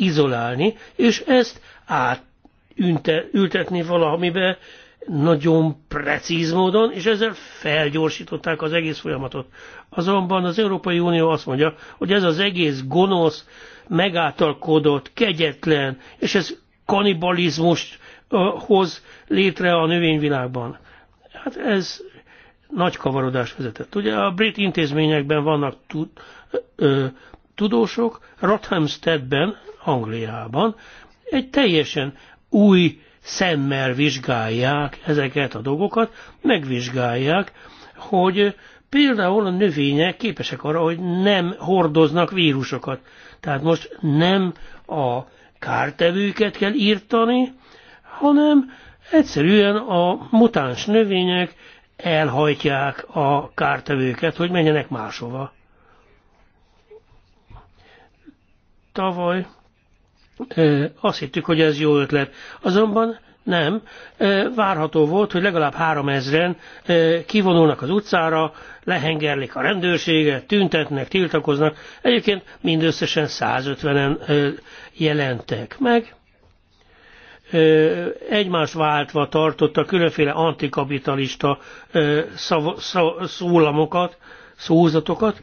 izolálni, és ezt átültetni valamibe nagyon precíz módon, és ezzel felgyorsították az egész folyamatot. Azonban az Európai Unió azt mondja, hogy ez az egész gonosz, megáltalkodott, kegyetlen, és ez kanibalizmust hoz létre a növényvilágban. Hát ez nagy kavarodás vezetett. Ugye a brit intézményekben vannak tud, ö, tudósok, Rothamstedben, Angliában egy teljesen új szemmel vizsgálják ezeket a dolgokat, megvizsgálják, hogy például a növények képesek arra, hogy nem hordoznak vírusokat. Tehát most nem a kártevőket kell írtani, hanem egyszerűen a mutáns növények elhajtják a kártevőket, hogy menjenek máshova. Tavaly azt hittük, hogy ez jó ötlet. Azonban nem. Várható volt, hogy legalább három ezren kivonulnak az utcára, lehengerlik a rendőrséget, tüntetnek, tiltakoznak. Egyébként mindösszesen 150-en jelentek meg. Egymást váltva tartotta különféle antikapitalista szólamokat, szózatokat.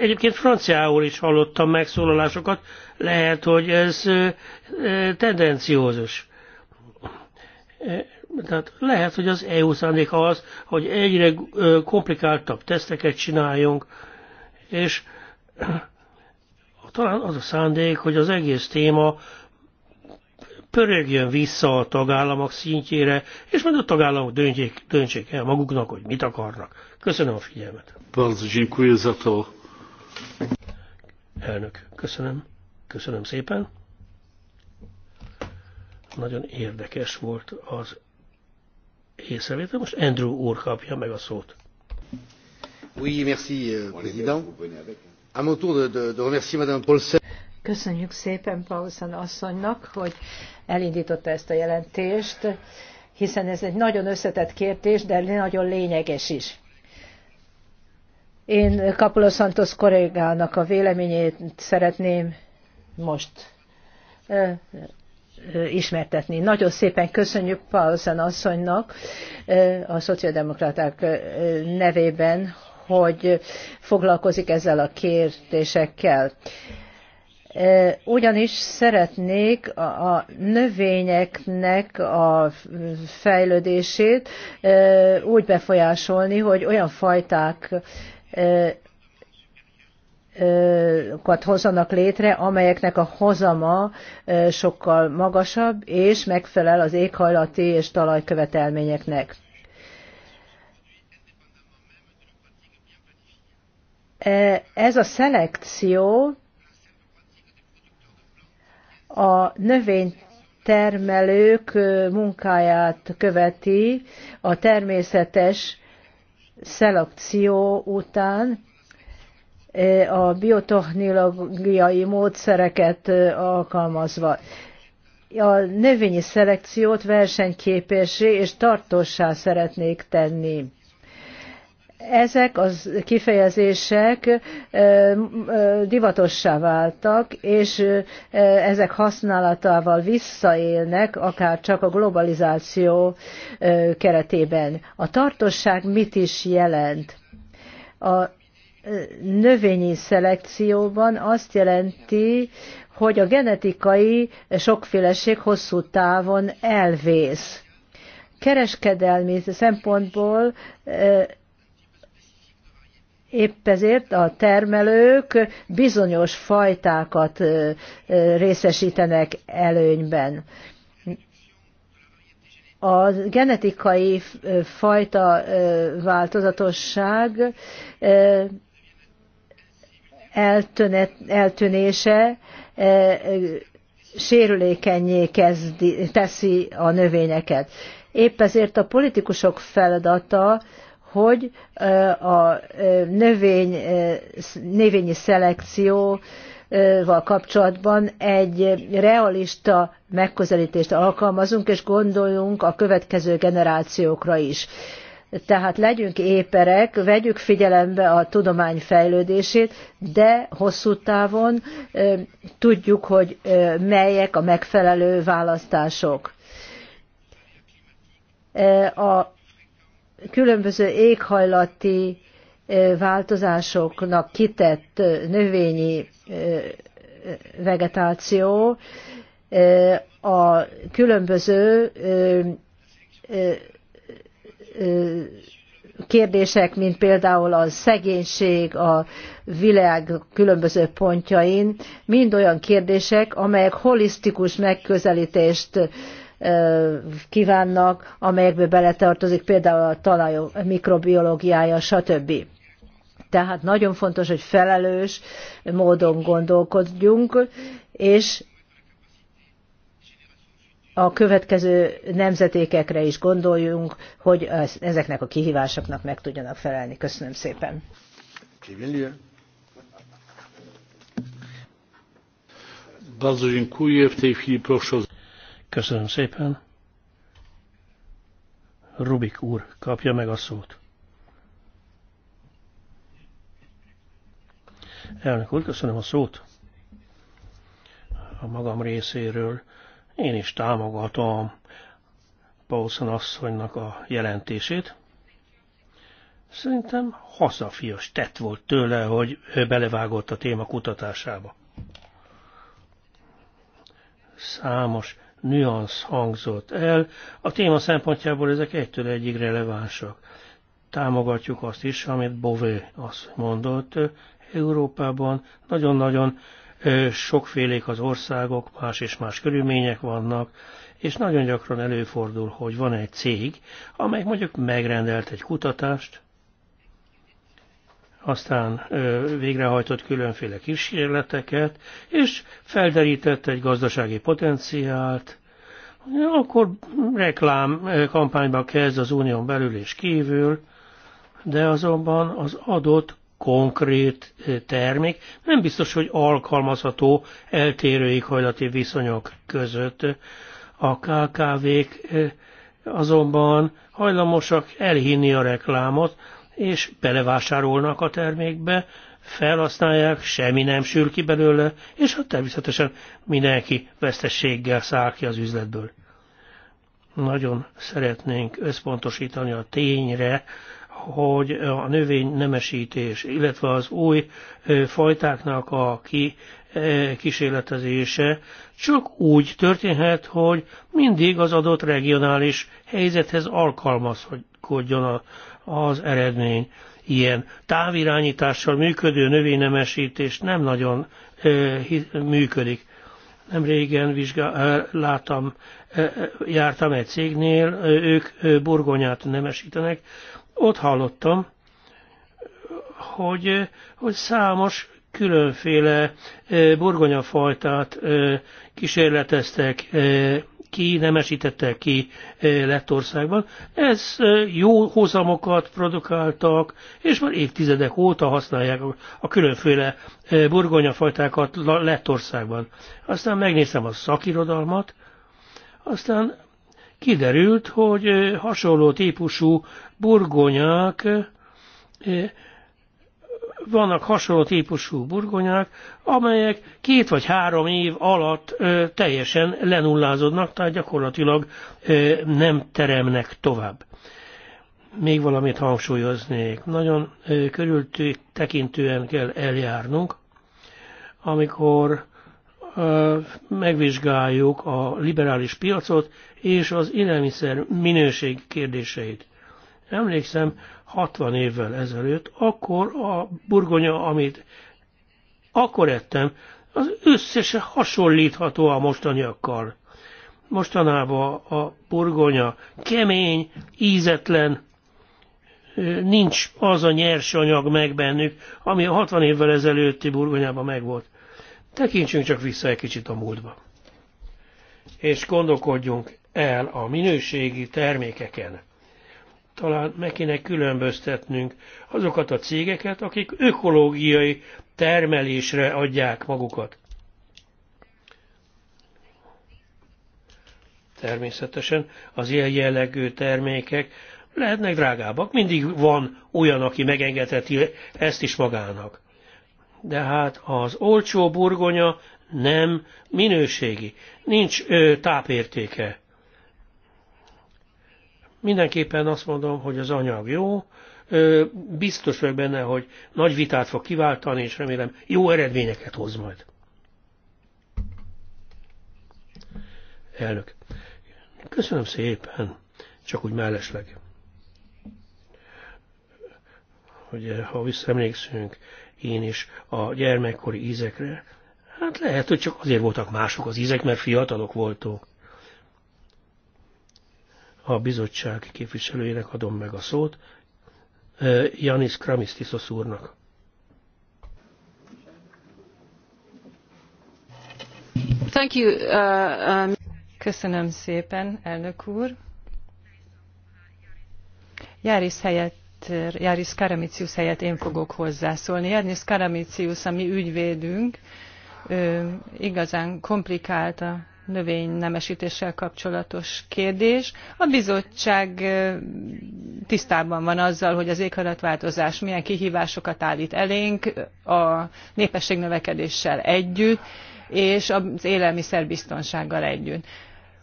Egyébként franciául is hallottam megszólalásokat, lehet, hogy ez tendenciózus. Tehát lehet, hogy az EU szándéka az, hogy egyre komplikáltabb teszteket csináljunk, és talán az a szándék, hogy az egész téma pörögjön vissza a tagállamok szintjére, és majd a tagállamok döntsék, döntsék el maguknak, hogy mit akarnak. Köszönöm a figyelmet. Bardzo dziękuję za to. Elnök, köszönöm. Köszönöm szépen. Nagyon érdekes volt az észrevétel. Most Andrew úr kapja meg a szót. Oui, merci, euh, président. À mon tour de, de, de remercier Madame Paulsen. Köszönjük szépen
Paulsen asszonynak, hogy elindította ezt a jelentést, hiszen ez egy nagyon összetett kérdés, de nagyon lényeges is. Én Kapulos Santos kollégának a véleményét szeretném most ismertetni. Nagyon szépen köszönjük Paulsen asszonynak a szociáldemokraták nevében, hogy foglalkozik ezzel a kérdésekkel. Ugyanis szeretnék a növényeknek a fejlődését úgy befolyásolni, hogy olyan fajták hozzanak létre, amelyeknek a hozama sokkal magasabb, és megfelel az éghajlati és talajkövetelményeknek. Ez a szelekció a növénytermelők munkáját követi a természetes szelekció után, E, a biotechnológiai módszereket e, alkalmazva. A növényi szelekciót versenyképessé és tartósá szeretnék tenni. Ezek az kifejezések e, divatossá váltak, és ezek használatával visszaélnek, akár csak a globalizáció keretében. A tartosság mit is jelent? A növényi szelekcióban azt jelenti, hogy a genetikai sokféleség hosszú távon elvész. Kereskedelmi szempontból e, Épp ezért a termelők bizonyos fajtákat e, e, részesítenek előnyben. A genetikai fajta változatosság eltönet, eltűnése e, e, sérülékenyé kezdi, teszi a növényeket. Épp ezért a politikusok feladata, hogy e, a növény, növényi szelekcióval kapcsolatban egy realista megközelítést alkalmazunk, és gondoljunk a következő generációkra is. Tehát legyünk éperek, vegyük figyelembe a tudomány fejlődését, de hosszú távon tudjuk, hogy melyek a megfelelő választások. A különböző éghajlati változásoknak kitett növényi vegetáció a különböző kérdések, mint például a szegénység a világ különböző pontjain, mind olyan kérdések, amelyek holisztikus megközelítést kívánnak, amelyekbe beletartozik például a talajok mikrobiológiája, stb. Tehát nagyon fontos, hogy felelős módon gondolkodjunk, és a következő nemzetékekre is gondoljunk, hogy ezeknek a kihívásoknak meg tudjanak felelni. Köszönöm szépen.
Köszönöm szépen. Rubik úr kapja meg a szót. Elnök úr, köszönöm a szót. A magam részéről én is támogatom Paulson asszonynak a jelentését. Szerintem haszafias tett volt tőle, hogy ő belevágott a téma kutatásába. Számos nüansz hangzott el, a téma szempontjából ezek egytől egyig relevánsak. Támogatjuk azt is, amit Bové azt mondott, Európában nagyon-nagyon sokfélék az országok, más és más körülmények vannak, és nagyon gyakran előfordul, hogy van egy cég, amely mondjuk megrendelt egy kutatást, aztán végrehajtott különféle kísérleteket, és felderített egy gazdasági potenciált, akkor reklám kampányba kezd az unión belül és kívül, de azonban az adott konkrét termék nem biztos, hogy alkalmazható eltérő éghajlati viszonyok között. A KKV-k azonban hajlamosak elhinni a reklámot, és belevásárolnak a termékbe, felhasználják, semmi nem sül ki belőle, és hát természetesen mindenki vesztességgel száll ki az üzletből. Nagyon szeretnénk összpontosítani a tényre, hogy a növény nemesítés, illetve az új fajtáknak a ki, kísérletezése csak úgy történhet, hogy mindig az adott regionális helyzethez alkalmazkodjon az eredmény. Ilyen távirányítással működő növénynemesítés nem nagyon működik. Nem régen vizsgál, láttam, jártam egy cégnél, ők burgonyát nemesítenek, ott hallottam, hogy, hogy számos különféle burgonyafajtát kísérleteztek ki, nemesítettek ki Lettországban. Ez jó hozamokat produkáltak, és már évtizedek óta használják a különféle burgonyafajtákat Lettországban. Aztán megnéztem a szakirodalmat, aztán kiderült, hogy hasonló típusú burgonyák, vannak hasonló típusú burgonyák, amelyek két vagy három év alatt teljesen lenullázodnak, tehát gyakorlatilag nem teremnek tovább még valamit hangsúlyoznék. Nagyon körültekintően kell eljárnunk, amikor megvizsgáljuk a liberális piacot, és az élelmiszer minőség kérdéseit. Emlékszem, 60 évvel ezelőtt, akkor a burgonya, amit akkor ettem, az összesen hasonlítható a mostaniakkal. Mostanában a burgonya kemény, ízetlen, nincs az a nyersanyag meg bennük, ami a 60 évvel ezelőtti burgonyában megvolt. Tekintsünk csak vissza egy kicsit a múltba. És gondolkodjunk el a minőségi termékeken. Talán meg kéne különböztetnünk azokat a cégeket, akik ökológiai termelésre adják magukat. Természetesen az ilyen jellegű termékek lehetnek drágábbak. Mindig van olyan, aki megengedheti ezt is magának. De hát az olcsó burgonya nem minőségi, nincs ö, tápértéke. Mindenképpen azt mondom, hogy az anyag jó, biztos vagyok benne, hogy nagy vitát fog kiváltani, és remélem jó eredményeket hoz majd. Elnök. Köszönöm szépen, csak úgy mellesleg. Hogy eh, ha visszaemlékszünk, én is a gyermekkori ízekre, hát lehet, hogy csak azért voltak mások az ízek, mert fiatalok voltunk a bizottság képviselőjének adom meg a szót, Janis Kramisztisos úrnak.
Thank you, uh, um... Köszönöm szépen, elnök úr. Járis helyett Járis Karamicius helyett én fogok hozzászólni. Járis Karamicius, a mi ügyvédünk, ő igazán komplikált a növénynemesítéssel kapcsolatos kérdés. A bizottság tisztában van azzal, hogy az éghajlatváltozás milyen kihívásokat állít elénk a népesség növekedéssel együtt, és az élelmiszerbiztonsággal együtt.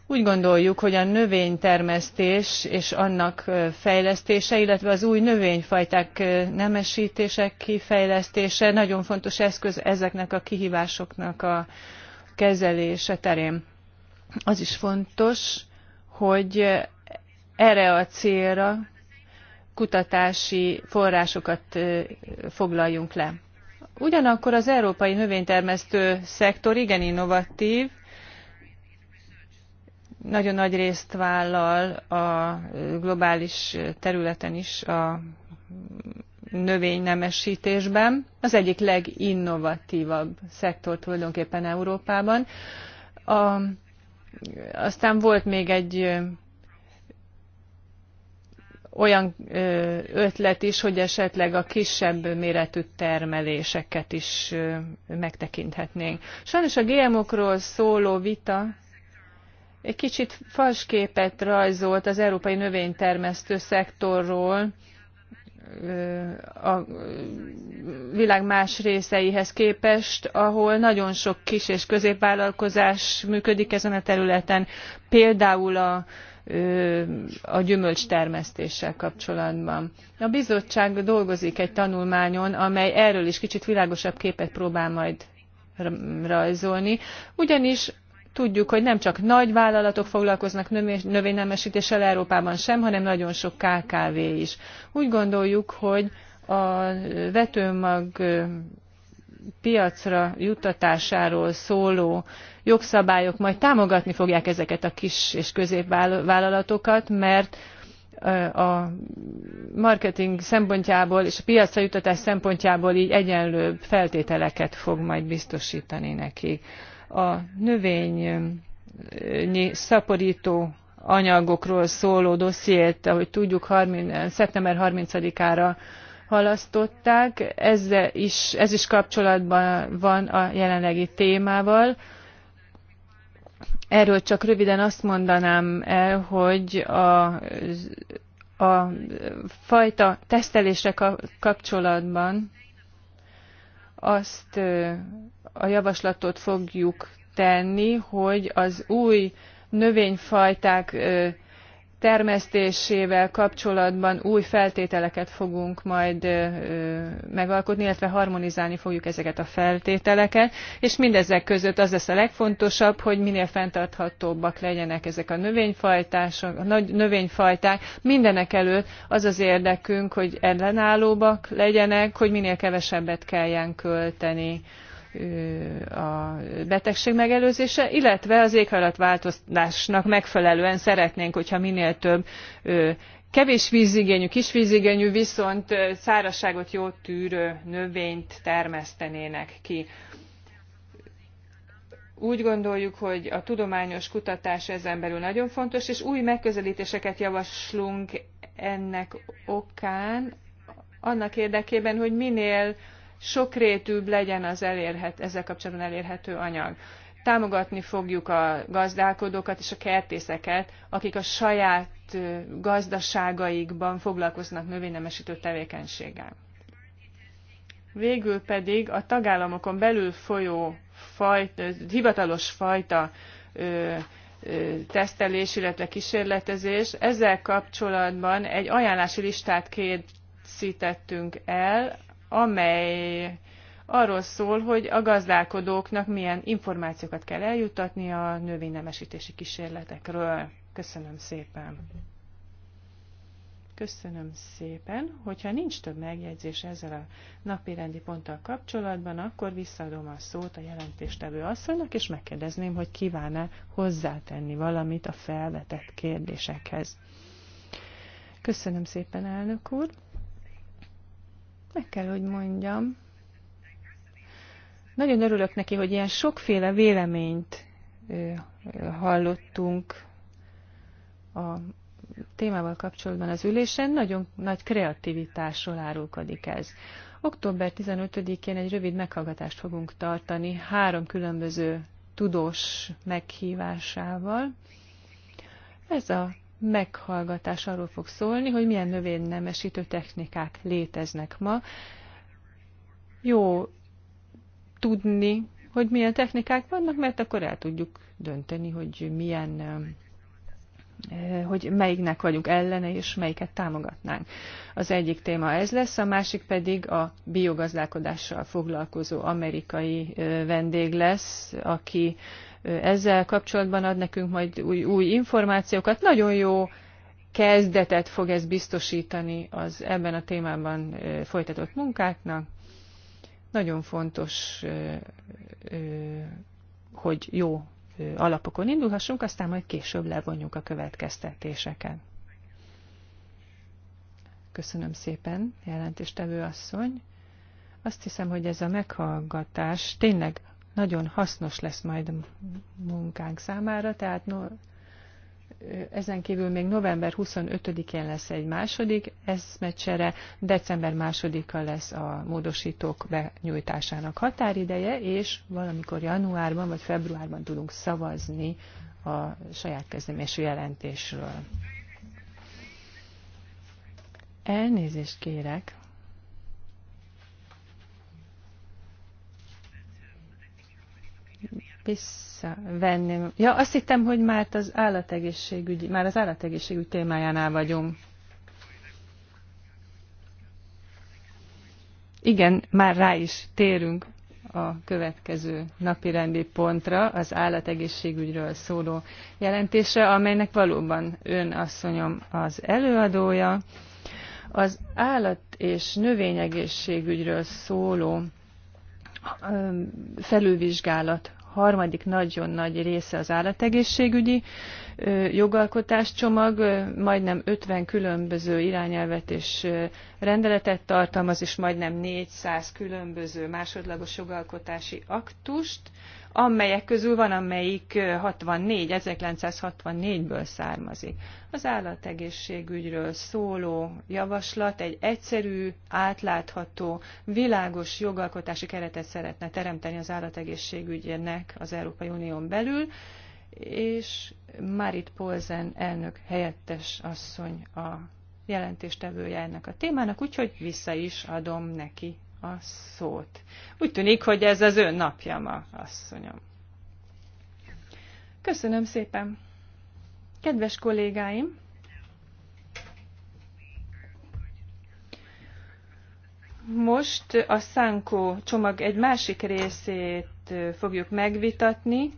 Úgy gondoljuk, hogy a növénytermesztés és annak fejlesztése, illetve az új növényfajták nemesítések kifejlesztése nagyon fontos eszköz ezeknek a kihívásoknak a kezelése terén az is fontos, hogy erre a célra kutatási forrásokat foglaljunk le. Ugyanakkor az európai növénytermesztő szektor igen innovatív, nagyon nagy részt vállal a globális területen is a növénynemesítésben. Az egyik leginnovatívabb szektor tulajdonképpen Európában. A aztán volt még egy olyan ötlet is, hogy esetleg a kisebb méretű termeléseket is megtekinthetnénk. Sajnos a GMO-król szóló vita egy kicsit falsképet rajzolt az európai növénytermesztő szektorról, a világ más részeihez képest, ahol nagyon sok kis és középvállalkozás működik ezen a területen, például a, a gyümölcstermesztéssel kapcsolatban. A bizottság dolgozik egy tanulmányon, amely erről is kicsit világosabb képet próbál majd rajzolni, ugyanis Tudjuk, hogy nem csak nagy vállalatok foglalkoznak növénynemesítéssel Európában sem, hanem nagyon sok KKV is. Úgy gondoljuk, hogy a vetőmag piacra juttatásáról szóló jogszabályok majd támogatni fogják ezeket a kis és középvállalatokat, mert a marketing szempontjából és a piacra juttatás szempontjából így egyenlőbb feltételeket fog majd biztosítani nekik a növény szaporító anyagokról szóló dossziét, ahogy tudjuk, 30, szeptember 30-ára halasztották. Ez is, ez is kapcsolatban van a jelenlegi témával. Erről csak röviden azt mondanám el, hogy a, a fajta tesztelésre kapcsolatban azt a javaslatot fogjuk tenni, hogy az új növényfajták termesztésével kapcsolatban új feltételeket fogunk majd megalkotni, illetve harmonizálni fogjuk ezeket a feltételeket, és mindezek között az lesz a legfontosabb, hogy minél fenntarthatóbbak legyenek ezek a növényfajtások, a nagy növényfajták. Mindenek előtt az az érdekünk, hogy ellenállóbbak legyenek, hogy minél kevesebbet kelljen költeni a betegség megelőzése, illetve az éghajlatváltozásnak megfelelően szeretnénk, hogyha minél több kevés vízigényű, kis vízigényű, viszont szárazságot jó tűrő növényt termesztenének ki. Úgy gondoljuk, hogy a tudományos kutatás ezen belül nagyon fontos, és új megközelítéseket javaslunk ennek okán, annak érdekében, hogy minél sokrétűbb legyen az elérhet, ezzel kapcsolatban elérhető anyag. Támogatni fogjuk a gazdálkodókat és a kertészeket, akik a saját gazdaságaikban foglalkoznak növénynemesítő tevékenységgel. Végül pedig a tagállamokon belül folyó fajt, hivatalos fajta ö, tesztelés, illetve kísérletezés. Ezzel kapcsolatban egy ajánlási listát készítettünk el, amely arról szól, hogy a gazdálkodóknak milyen információkat kell eljutatni a növénynemesítési kísérletekről. Köszönöm szépen! Köszönöm szépen, hogyha nincs több megjegyzés ezzel a napi rendi ponttal kapcsolatban, akkor visszaadom a szót a jelentéstevő asszonynak, és megkérdezném, hogy kíván-e hozzátenni valamit a felvetett kérdésekhez. Köszönöm szépen, elnök úr! meg kell, hogy mondjam, nagyon örülök neki, hogy ilyen sokféle véleményt hallottunk a témával kapcsolatban az ülésen. Nagyon nagy kreativitásról árulkodik ez. Október 15-én egy rövid meghallgatást fogunk tartani három különböző tudós meghívásával. Ez a meghallgatás arról fog szólni, hogy milyen növénynemesítő technikák léteznek ma. Jó tudni, hogy milyen technikák vannak, mert akkor el tudjuk dönteni, hogy milyen Eh, hogy melyiknek vagyunk ellene, és melyiket támogatnánk. Az egyik téma ez lesz, a másik pedig a biogazdálkodással foglalkozó amerikai eh, vendég lesz, aki eh, ezzel kapcsolatban ad nekünk majd új, új információkat. Nagyon jó kezdetet fog ez biztosítani az ebben a témában folytatott munkáknak. Nagyon fontos, hogy jó alapokon indulhassunk, aztán majd később levonjuk a következtetéseket. Köszönöm szépen, jelentéstevő asszony. Azt hiszem, hogy ez a meghallgatás tényleg nagyon hasznos lesz majd munkánk számára, tehát no, ezen kívül még november 25-én lesz egy második eszmecsere, december 2-a lesz a módosítók benyújtásának határideje, és valamikor januárban vagy februárban tudunk szavazni a saját kezdeményesű jelentésről. Elnézést kérek. visszavenném. Ja, azt hittem, hogy már az állategészségügy, már az állategészségügy témájánál vagyunk. Igen, már rá is térünk a következő napi rendi pontra, az állategészségügyről szóló jelentésre, amelynek valóban ön asszonyom az előadója. Az állat és növényegészségügyről szóló felülvizsgálat harmadik nagyon nagy része az állategészségügyi jogalkotáscsomag, majdnem 50 különböző irányelvet és rendeletet tartalmaz, és majdnem 400 különböző másodlagos jogalkotási aktust, amelyek közül van, amelyik 64, 1964-ből származik. Az állategészségügyről szóló javaslat egy egyszerű, átlátható, világos jogalkotási keretet szeretne teremteni az állategészségügynek az Európai Unión belül, és Marit Polzen elnök helyettes asszony a jelentéstevője ennek a témának, úgyhogy vissza is adom neki a szót. Úgy tűnik, hogy ez az ön napja ma, asszonyom. Köszönöm szépen. Kedves kollégáim! Most a Szánkó csomag egy másik részét fogjuk megvitatni.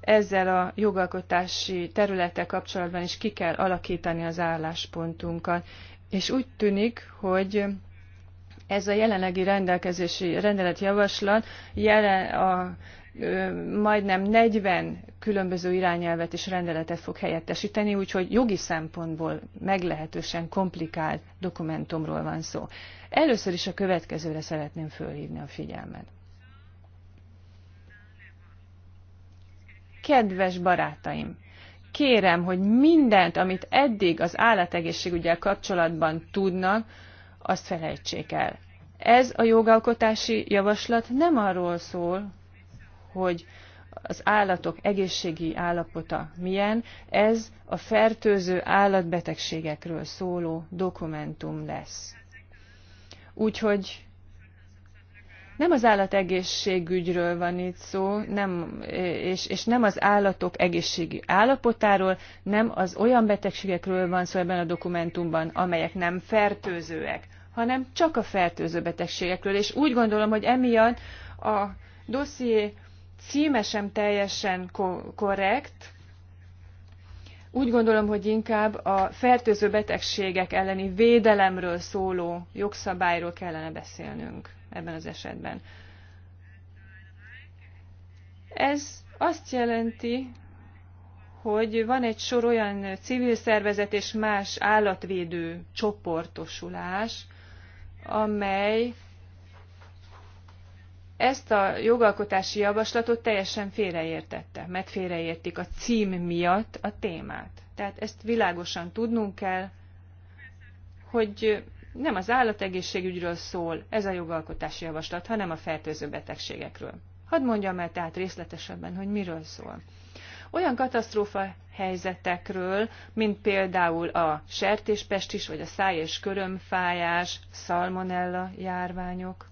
Ezzel a jogalkotási területe kapcsolatban is ki kell alakítani az álláspontunkat. És úgy tűnik, hogy ez a jelenlegi rendelkezési rendeletjavaslat jelen a majdnem 40 különböző irányelvet és rendeletet fog helyettesíteni, úgyhogy jogi szempontból meglehetősen komplikált dokumentumról van szó. Először is a következőre szeretném fölhívni a figyelmet. Kedves barátaim, kérem, hogy mindent, amit eddig az állategészségügyel kapcsolatban tudnak, azt felejtsék el. Ez a jogalkotási javaslat nem arról szól, hogy az állatok egészségi állapota milyen, ez a fertőző állatbetegségekről szóló dokumentum lesz. Úgyhogy nem az állategészségügyről van itt szó, nem, és, és nem az állatok egészségi állapotáról, nem az olyan betegségekről van szó ebben a dokumentumban, amelyek nem fertőzőek, hanem csak a fertőző betegségekről. És úgy gondolom, hogy emiatt a dosszié címe sem teljesen ko- korrekt, úgy gondolom, hogy inkább a fertőző betegségek elleni védelemről szóló jogszabályról kellene beszélnünk ebben az esetben. Ez azt jelenti, hogy van egy sor olyan civil szervezet és más állatvédő csoportosulás, amely ezt a jogalkotási javaslatot teljesen félreértette, mert félreértik a cím miatt a témát. Tehát ezt világosan tudnunk kell, hogy nem az állategészségügyről szól ez a jogalkotási javaslat, hanem a fertőző betegségekről. Hadd mondjam el tehát részletesebben, hogy miről szól. Olyan katasztrófa helyzetekről, mint például a sertéspestis, vagy a száj- és körömfájás, szalmonella járványok,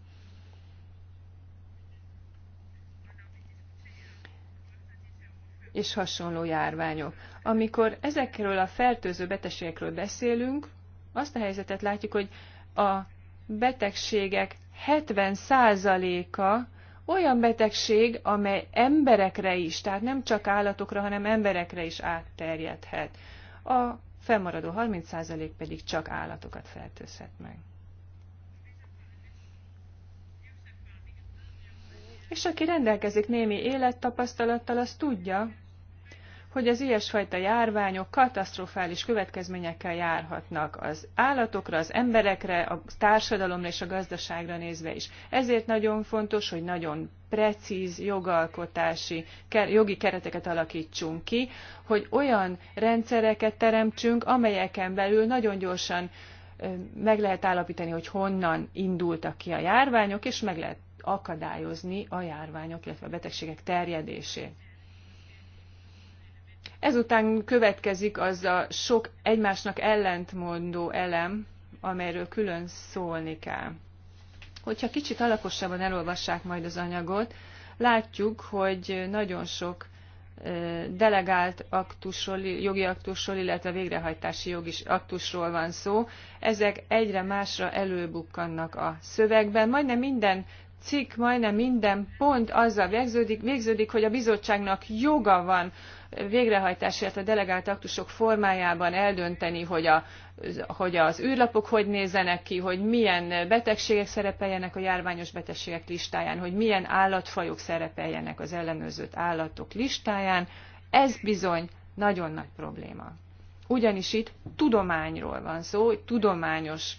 és hasonló járványok. Amikor ezekről a fertőző betegségekről beszélünk, azt a helyzetet látjuk, hogy a betegségek 70%-a olyan betegség, amely emberekre is, tehát nem csak állatokra, hanem emberekre is átterjedhet. A fennmaradó 30% pedig csak állatokat fertőzhet meg. És aki rendelkezik némi élettapasztalattal, az tudja, hogy az ilyesfajta járványok katasztrofális következményekkel járhatnak az állatokra, az emberekre, a társadalomra és a gazdaságra nézve is. Ezért nagyon fontos, hogy nagyon precíz jogalkotási, jogi kereteket alakítsunk ki, hogy olyan rendszereket teremtsünk, amelyeken belül nagyon gyorsan meg lehet állapítani, hogy honnan indultak ki a járványok, és meg lehet akadályozni a járványok, illetve a betegségek terjedését. Ezután következik az a sok egymásnak ellentmondó elem, amelyről külön szólni kell. Hogyha kicsit alaposabban elolvassák majd az anyagot, látjuk, hogy nagyon sok delegált aktusról, jogi aktusról, illetve végrehajtási jogi aktusról van szó. Ezek egyre másra előbukkannak a szövegben. Majdnem minden cikk, majdnem minden pont azzal végződik, végződik hogy a bizottságnak joga van végrehajtásért a delegált aktusok formájában eldönteni, hogy, a, hogy az űrlapok hogy nézzenek ki, hogy milyen betegségek szerepeljenek a járványos betegségek listáján, hogy milyen állatfajok szerepeljenek az ellenőrzött állatok listáján. Ez bizony nagyon nagy probléma. Ugyanis itt tudományról van szó, tudományos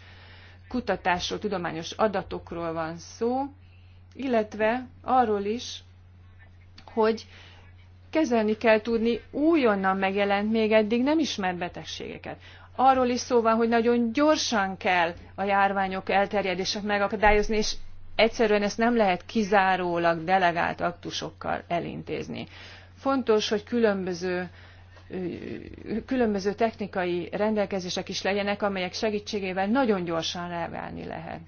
kutatásról, tudományos adatokról van szó, illetve arról is, hogy kezelni kell tudni újonnan megjelent, még eddig nem ismert betegségeket. Arról is szó van, hogy nagyon gyorsan kell a járványok elterjedését megakadályozni, és egyszerűen ezt nem lehet kizárólag delegált aktusokkal elintézni. Fontos, hogy különböző különböző technikai rendelkezések is legyenek, amelyek segítségével nagyon gyorsan reagálni lehet.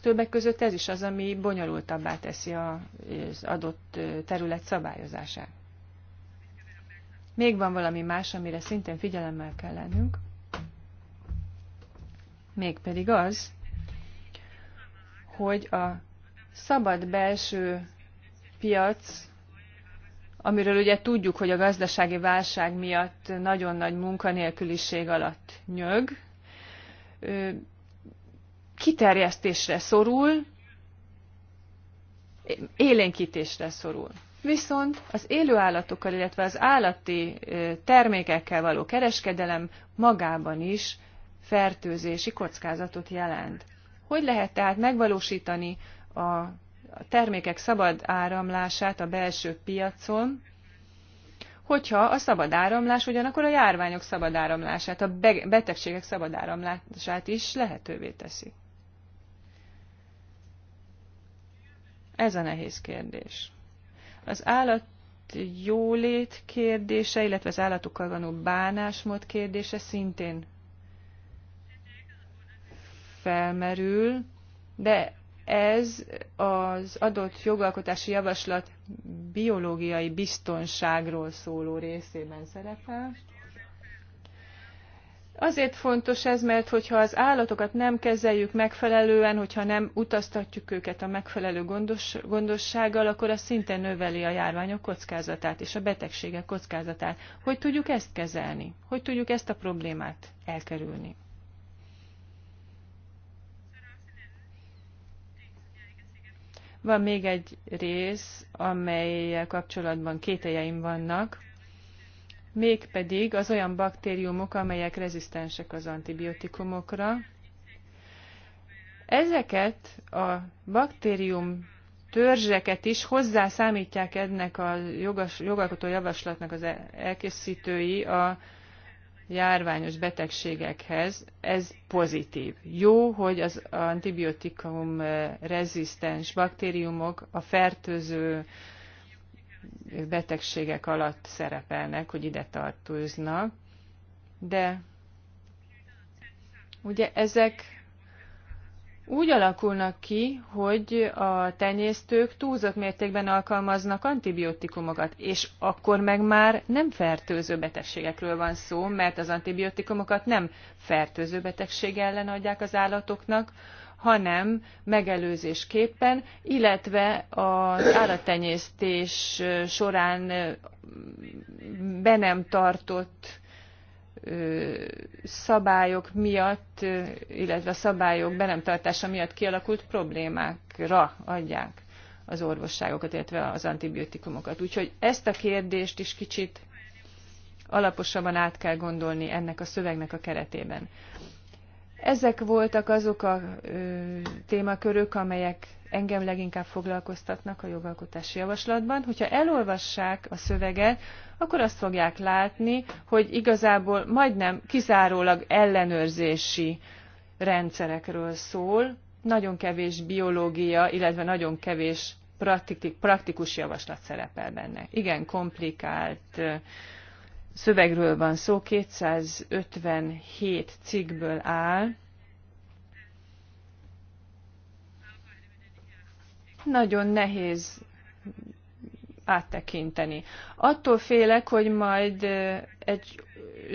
Többek között ez is az, ami bonyolultabbá teszi az adott terület szabályozását. Még van valami más, amire szintén figyelemmel kell lennünk, mégpedig az, hogy a szabad belső piac, amiről ugye tudjuk, hogy a gazdasági válság miatt nagyon nagy munkanélküliség alatt nyög, kiterjesztésre szorul, élénkítésre szorul. Viszont az állatokkal, illetve az állati termékekkel való kereskedelem magában is fertőzési kockázatot jelent. Hogy lehet tehát megvalósítani a termékek szabad áramlását a belső piacon, hogyha a szabad áramlás ugyanakkor a járványok szabad áramlását, a betegségek szabad áramlását is lehetővé teszi. Ez a nehéz kérdés. Az állat jólét kérdése, illetve az állatokkal való bánásmód kérdése szintén felmerül, de ez az adott jogalkotási javaslat biológiai biztonságról szóló részében szerepel. Azért fontos ez, mert hogyha az állatokat nem kezeljük megfelelően, hogyha nem utaztatjuk őket a megfelelő gondos, gondossággal, akkor az szintén növeli a járványok kockázatát és a betegségek kockázatát. Hogy tudjuk ezt kezelni? Hogy tudjuk ezt a problémát elkerülni? Van még egy rész, amelyel kapcsolatban kételjeim vannak mégpedig az olyan baktériumok, amelyek rezisztensek az antibiotikumokra. Ezeket a baktérium törzseket is hozzászámítják ennek a jogas, jogalkotó javaslatnak az elkészítői a járványos betegségekhez. Ez pozitív. Jó, hogy az antibiotikum rezisztens baktériumok a fertőző betegségek alatt szerepelnek, hogy ide tartóznak, de ugye ezek úgy alakulnak ki, hogy a tenyésztők túlzott mértékben alkalmaznak antibiotikumokat, és akkor meg már nem fertőző betegségekről van szó, mert az antibiotikumokat nem fertőző betegség ellen adják az állatoknak, hanem megelőzésképpen, illetve az állattenyésztés során be nem tartott szabályok miatt, illetve a szabályok be nem tartása miatt kialakult problémákra adják az orvosságokat, illetve az antibiotikumokat. Úgyhogy ezt a kérdést is kicsit alaposabban át kell gondolni ennek a szövegnek a keretében. Ezek voltak azok a ö, témakörök, amelyek engem leginkább foglalkoztatnak a jogalkotási javaslatban. Hogyha elolvassák a szöveget, akkor azt fogják látni, hogy igazából majdnem kizárólag ellenőrzési rendszerekről szól, nagyon kevés biológia, illetve nagyon kevés praktikus javaslat szerepel benne. Igen, komplikált szövegről van szó, 257 cikkből áll. Nagyon nehéz áttekinteni. Attól félek, hogy majd egy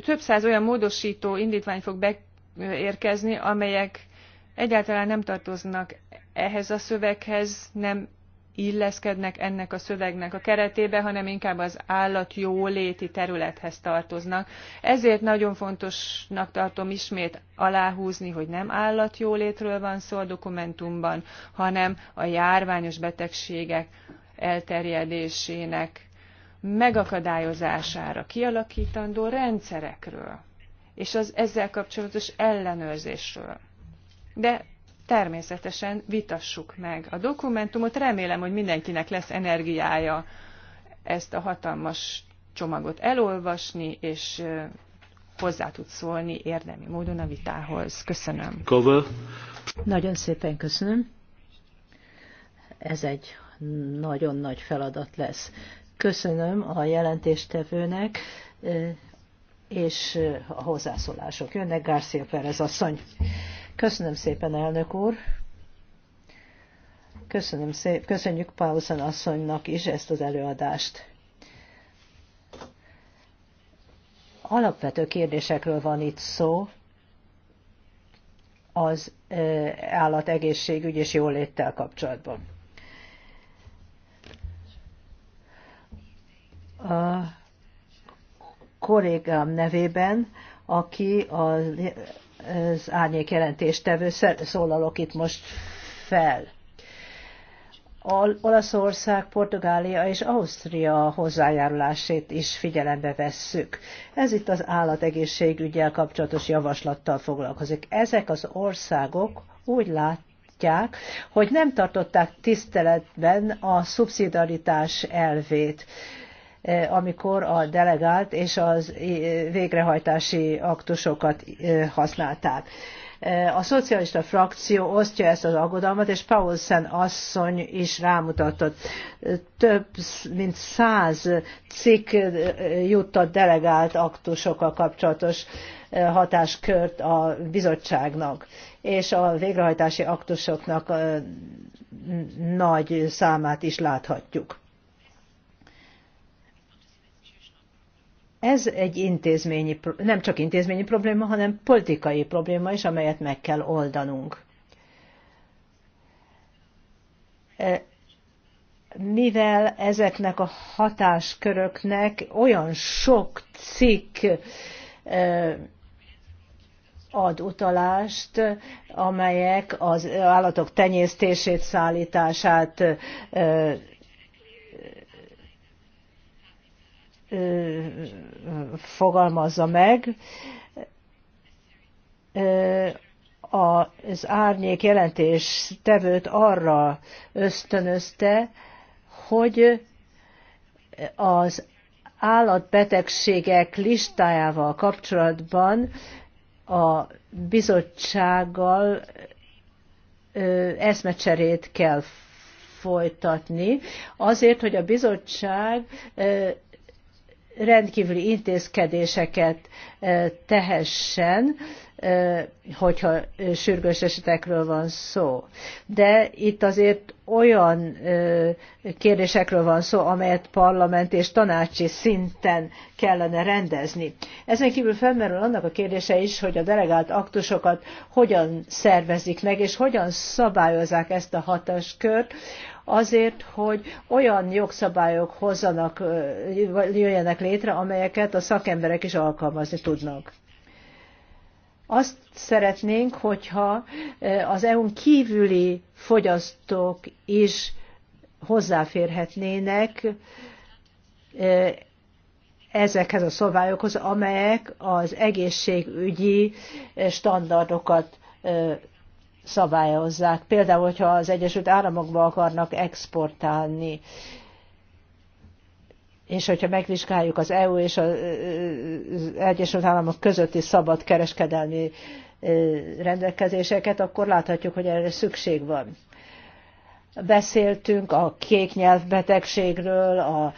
több száz olyan módosító indítvány fog beérkezni, amelyek egyáltalán nem tartoznak ehhez a szöveghez, nem illeszkednek ennek a szövegnek a keretébe, hanem inkább az állatjóléti területhez tartoznak. Ezért nagyon fontosnak tartom ismét aláhúzni, hogy nem állatjólétről van szó a dokumentumban, hanem a járványos betegségek elterjedésének megakadályozására kialakítandó rendszerekről és az ezzel kapcsolatos ellenőrzésről. De természetesen vitassuk meg a dokumentumot. Remélem, hogy mindenkinek lesz energiája ezt a hatalmas csomagot elolvasni, és hozzá tud szólni érdemi
módon a vitához. Köszönöm. Cover. Nagyon szépen köszönöm. Ez egy nagyon nagy feladat lesz. Köszönöm a jelentéstevőnek, és a hozzászólások jönnek. Garcia Perez asszony. Köszönöm szépen, elnök úr. Köszönöm szép, köszönjük Paulsen asszonynak is ezt az előadást. Alapvető kérdésekről van itt szó az állategészségügy és jóléttel kapcsolatban. A kollégám nevében, aki a az árnyék jelentéstevő, szólalok itt most fel. Olaszország, Portugália és Ausztria hozzájárulását is figyelembe vesszük. Ez itt az állategészségügyel kapcsolatos javaslattal foglalkozik. Ezek az országok úgy látják, hogy nem tartották tiszteletben a szubszidaritás elvét Eh, amikor a delegált és az eh, végrehajtási aktusokat eh, használták. A szocialista frakció osztja ezt az aggodalmat, és Paulsen asszony is rámutatott. Több mint száz cikk juttat delegált aktusokkal kapcsolatos hatáskört a bizottságnak, és a végrehajtási aktusoknak nagy számát is láthatjuk. Ez egy intézményi, nem csak intézményi probléma, hanem politikai probléma is, amelyet meg kell oldanunk. E, mivel ezeknek a hatásköröknek olyan sok cikk e, ad utalást, amelyek az állatok tenyésztését, szállítását e, fogalmazza meg. Az árnyék jelentés tevőt arra ösztönözte, hogy az állatbetegségek listájával kapcsolatban a bizottsággal eszmecserét kell folytatni, azért, hogy a bizottság rendkívüli intézkedéseket tehessen, hogyha sürgős esetekről van szó. De itt azért olyan kérdésekről van szó, amelyet parlament és tanácsi szinten kellene rendezni. Ezen kívül felmerül annak a kérdése is, hogy a delegált aktusokat hogyan szervezik meg, és hogyan szabályozzák ezt a hatáskört, azért, hogy olyan jogszabályok hozzanak, jöjjenek létre, amelyeket a szakemberek is alkalmazni tudnak. Azt szeretnénk, hogyha az EU-n kívüli fogyasztók is hozzáférhetnének ezekhez a szabályokhoz, amelyek az egészségügyi standardokat szabályozzák. Például, hogyha az Egyesült Államokba akarnak exportálni, és hogyha megvizsgáljuk az EU és az Egyesült Államok közötti szabad kereskedelmi rendelkezéseket, akkor láthatjuk, hogy erre szükség van. Beszéltünk a kék nyelvbetegségről, a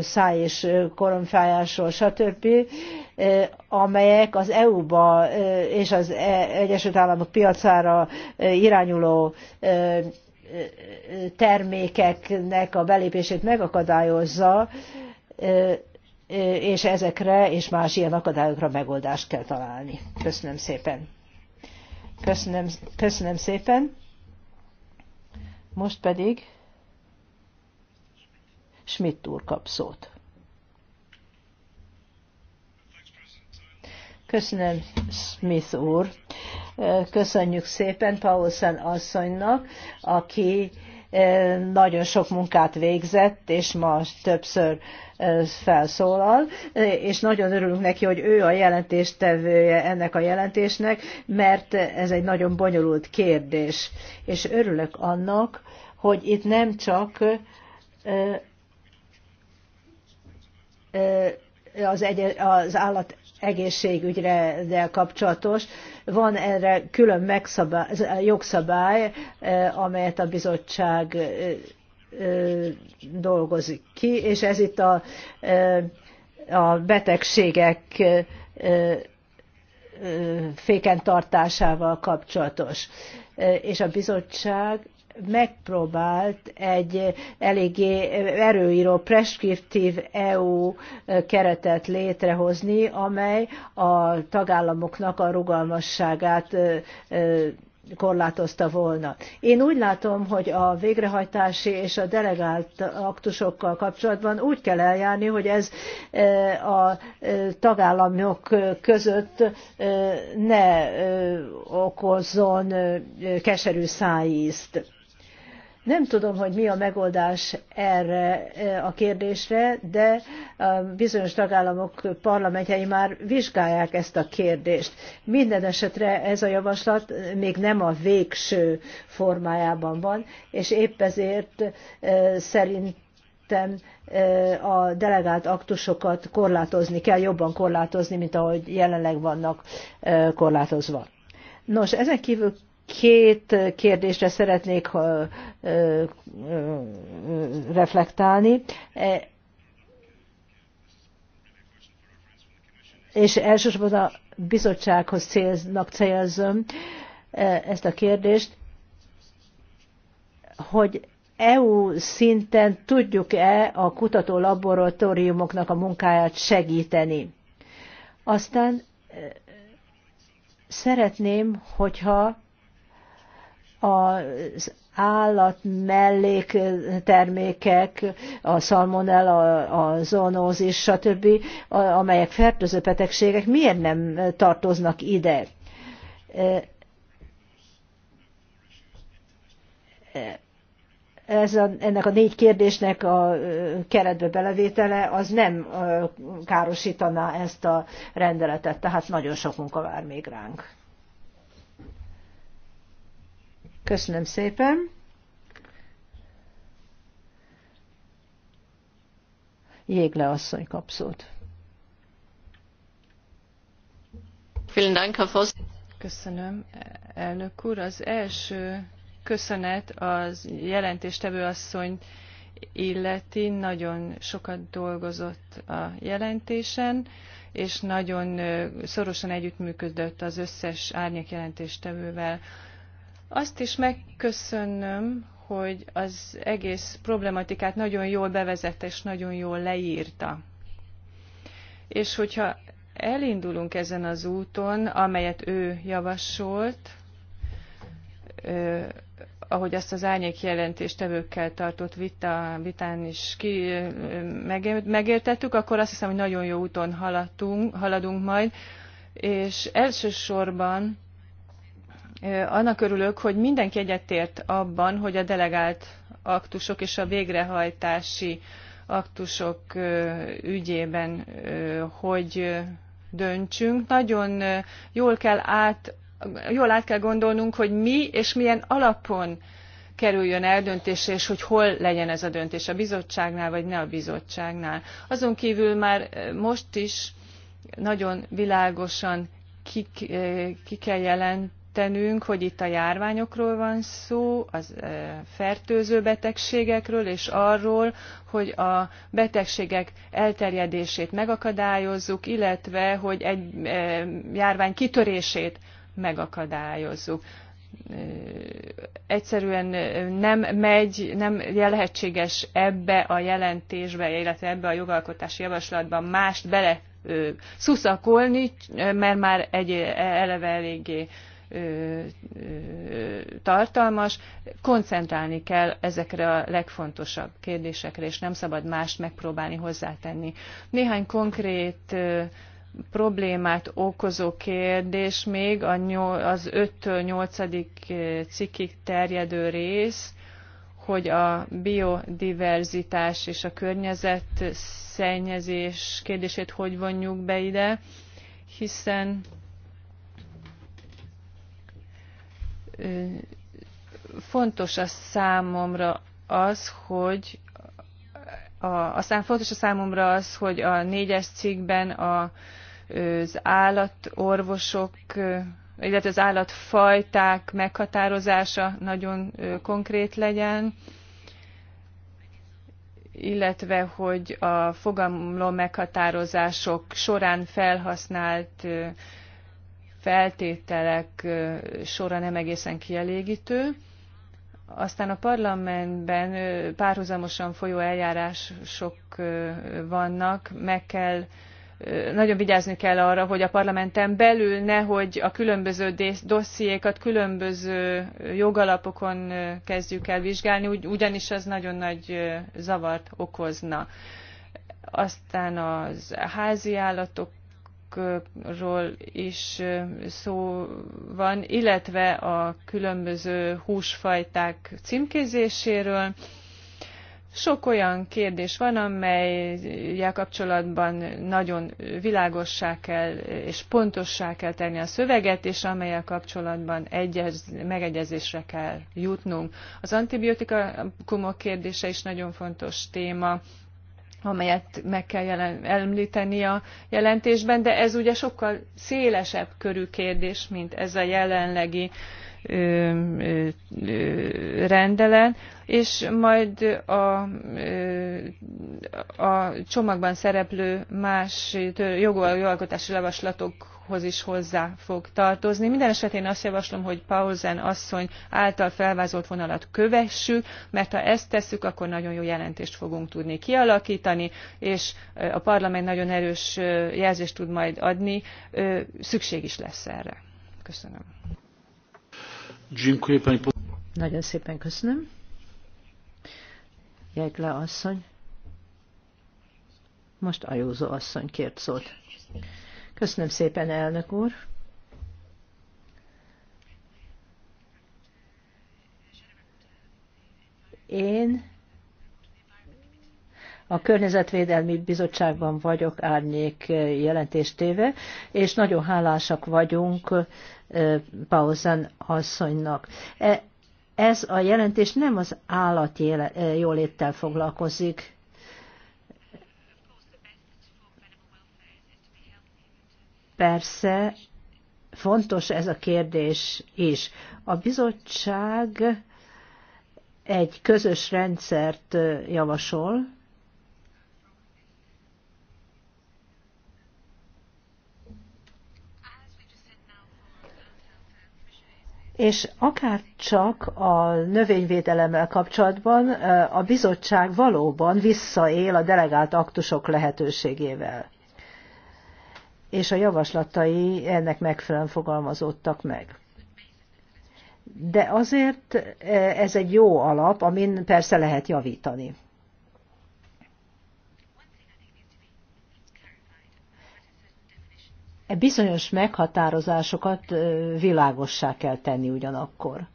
száj és koromfájásról, stb., amelyek az EU-ba és az e- Egyesült Államok piacára irányuló termékeknek a belépését megakadályozza, és ezekre és más ilyen akadályokra megoldást kell találni. Köszönöm szépen. Köszönöm, köszönöm szépen. Most pedig Schmidt úr kap szót. Köszönöm, Smith úr. Köszönjük szépen Paulsen asszonynak, aki eh, nagyon sok munkát végzett, és ma többször eh, felszólal, eh, és nagyon örülünk neki, hogy ő a jelentéstevője ennek a jelentésnek, mert ez egy nagyon bonyolult kérdés. És örülök annak, hogy itt nem csak az, egy, az állat egészségügyre kapcsolatos. Van erre külön megszabály, jogszabály, amelyet a bizottság dolgozik ki, és ez itt a, a betegségek féken tartásával kapcsolatos. És a bizottság megpróbált egy eléggé erőíró preskriptív EU keretet létrehozni, amely a tagállamoknak a rugalmasságát korlátozta volna. Én úgy látom, hogy a végrehajtási és a delegált aktusokkal kapcsolatban úgy kell eljárni, hogy ez a tagállamok között ne okozzon keserű szájízt nem tudom, hogy mi a megoldás erre e, a kérdésre, de e, bizonyos tagállamok parlamentjei már vizsgálják ezt a kérdést. Minden esetre ez a javaslat még nem a végső formájában van, és épp ezért e, szerint a delegált aktusokat korlátozni kell, jobban korlátozni, mint ahogy jelenleg vannak korlátozva. Nos, ezen kívül két kérdésre szeretnék reflektálni. E, és elsősorban a bizottsághoz célznak célzom e, ezt a kérdést, hogy EU szinten tudjuk-e a kutató laboratóriumoknak a munkáját segíteni. Aztán e, szeretném, hogyha az állat melléktermékek, a szalmonella, a zoonózis, stb., amelyek fertőző betegségek, miért nem tartoznak ide? Ez a, ennek a négy kérdésnek a keretbe belevétele az nem károsítaná ezt a rendeletet, tehát nagyon sok munka vár még ránk. Köszönöm szépen. Jégle asszony kap szót.
Köszönöm, elnök úr. Az első köszönet az jelentéstevő asszony illeti, nagyon sokat dolgozott a jelentésen, és nagyon szorosan együttműködött az összes árnyék jelentéstevővel. Azt is megköszönöm, hogy az egész problematikát nagyon jól bevezette és nagyon jól leírta. És hogyha elindulunk ezen az úton, amelyet ő javasolt, ahogy azt az árnyék tevőkkel tartott vita, vitán is ki, megértettük, akkor azt hiszem, hogy nagyon jó úton haladunk majd, és elsősorban annak örülök, hogy mindenki egyetért abban, hogy a delegált aktusok és a végrehajtási aktusok ügyében, hogy döntsünk. Nagyon jól kell át, jól át kell gondolnunk, hogy mi és milyen alapon kerüljön eldöntésre, és hogy hol legyen ez a döntés, a bizottságnál, vagy ne a bizottságnál. Azon kívül már most is nagyon világosan ki, ki kell jelent, tennünk, hogy itt a járványokról van szó, az fertőző betegségekről, és arról, hogy a betegségek elterjedését megakadályozzuk, illetve hogy egy járvány kitörését megakadályozzuk. Egyszerűen nem megy, nem lehetséges ebbe a jelentésbe, illetve ebbe a jogalkotási javaslatban mást bele szuszakolni, mert már egy eleve eléggé tartalmas. Koncentrálni kell ezekre a legfontosabb kérdésekre, és nem szabad mást megpróbálni hozzátenni. Néhány konkrét problémát okozó kérdés még az 5-8. cikkig terjedő rész, hogy a biodiverzitás és a környezet szennyezés kérdését hogy vonjuk be ide, hiszen fontos a számomra az, hogy a, szám, fontos a számomra az, hogy a négyes cikkben a, az állatorvosok, illetve az állatfajták meghatározása nagyon konkrét legyen, illetve hogy a fogalom meghatározások során felhasznált feltételek sora nem egészen kielégítő. Aztán a parlamentben párhuzamosan folyó eljárások vannak, meg kell nagyon vigyázni kell arra, hogy a parlamenten belül nehogy a különböző dossziékat különböző jogalapokon kezdjük el vizsgálni, ugyanis az nagyon nagy zavart okozna. Aztán az házi állatok húsokról is szó van, illetve a különböző húsfajták címkézéséről. Sok olyan kérdés van, amelyel kapcsolatban nagyon világossá kell és pontossá kell tenni a szöveget, és amelyel kapcsolatban egyez, megegyezésre kell jutnunk. Az antibiotikumok kérdése is nagyon fontos téma amelyet meg kell jelen, említeni a jelentésben, de ez ugye sokkal szélesebb körű kérdés, mint ez a jelenlegi uh, rendelen, és majd a, a csomagban szereplő más jogalkotási javaslatokhoz is hozzá fog tartozni. Minden esetén azt javaslom, hogy Pauzen asszony által felvázolt vonalat kövessük, mert ha ezt tesszük, akkor nagyon jó jelentést fogunk tudni kialakítani, és a parlament nagyon erős jelzést tud majd adni, szükség is lesz erre. Köszönöm.
Nagyon szépen köszönöm. Jegle asszony. Most Ajózó asszony kért szót. Köszönöm szépen, elnök úr. Én a Környezetvédelmi Bizottságban vagyok árnyék jelentéstéve, és nagyon hálásak vagyunk Pauzan asszonynak. E, ez a jelentés nem az állati jóléttel foglalkozik, Persze, fontos ez a kérdés is. A bizottság egy közös rendszert javasol, És akár csak a növényvédelemmel kapcsolatban a bizottság valóban visszaél a delegált aktusok lehetőségével. És a javaslatai ennek megfelelően fogalmazódtak meg. De azért ez egy jó alap, amin persze lehet javítani. E bizonyos meghatározásokat világossá kell tenni ugyanakkor.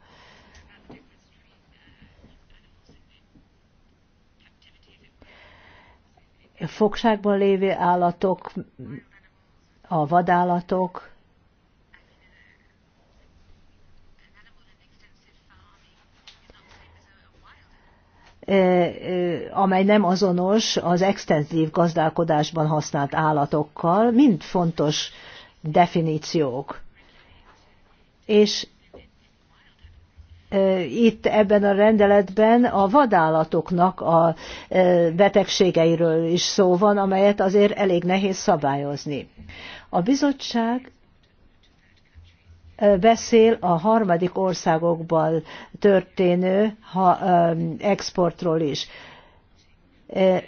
fogságban lévő állatok, a vadállatok, amely nem azonos az extenzív gazdálkodásban használt állatokkal, mind fontos definíciók. És itt ebben a rendeletben a vadállatoknak a betegségeiről is szó van, amelyet azért elég nehéz szabályozni. A bizottság beszél a harmadik országokban történő um, exportról is. E,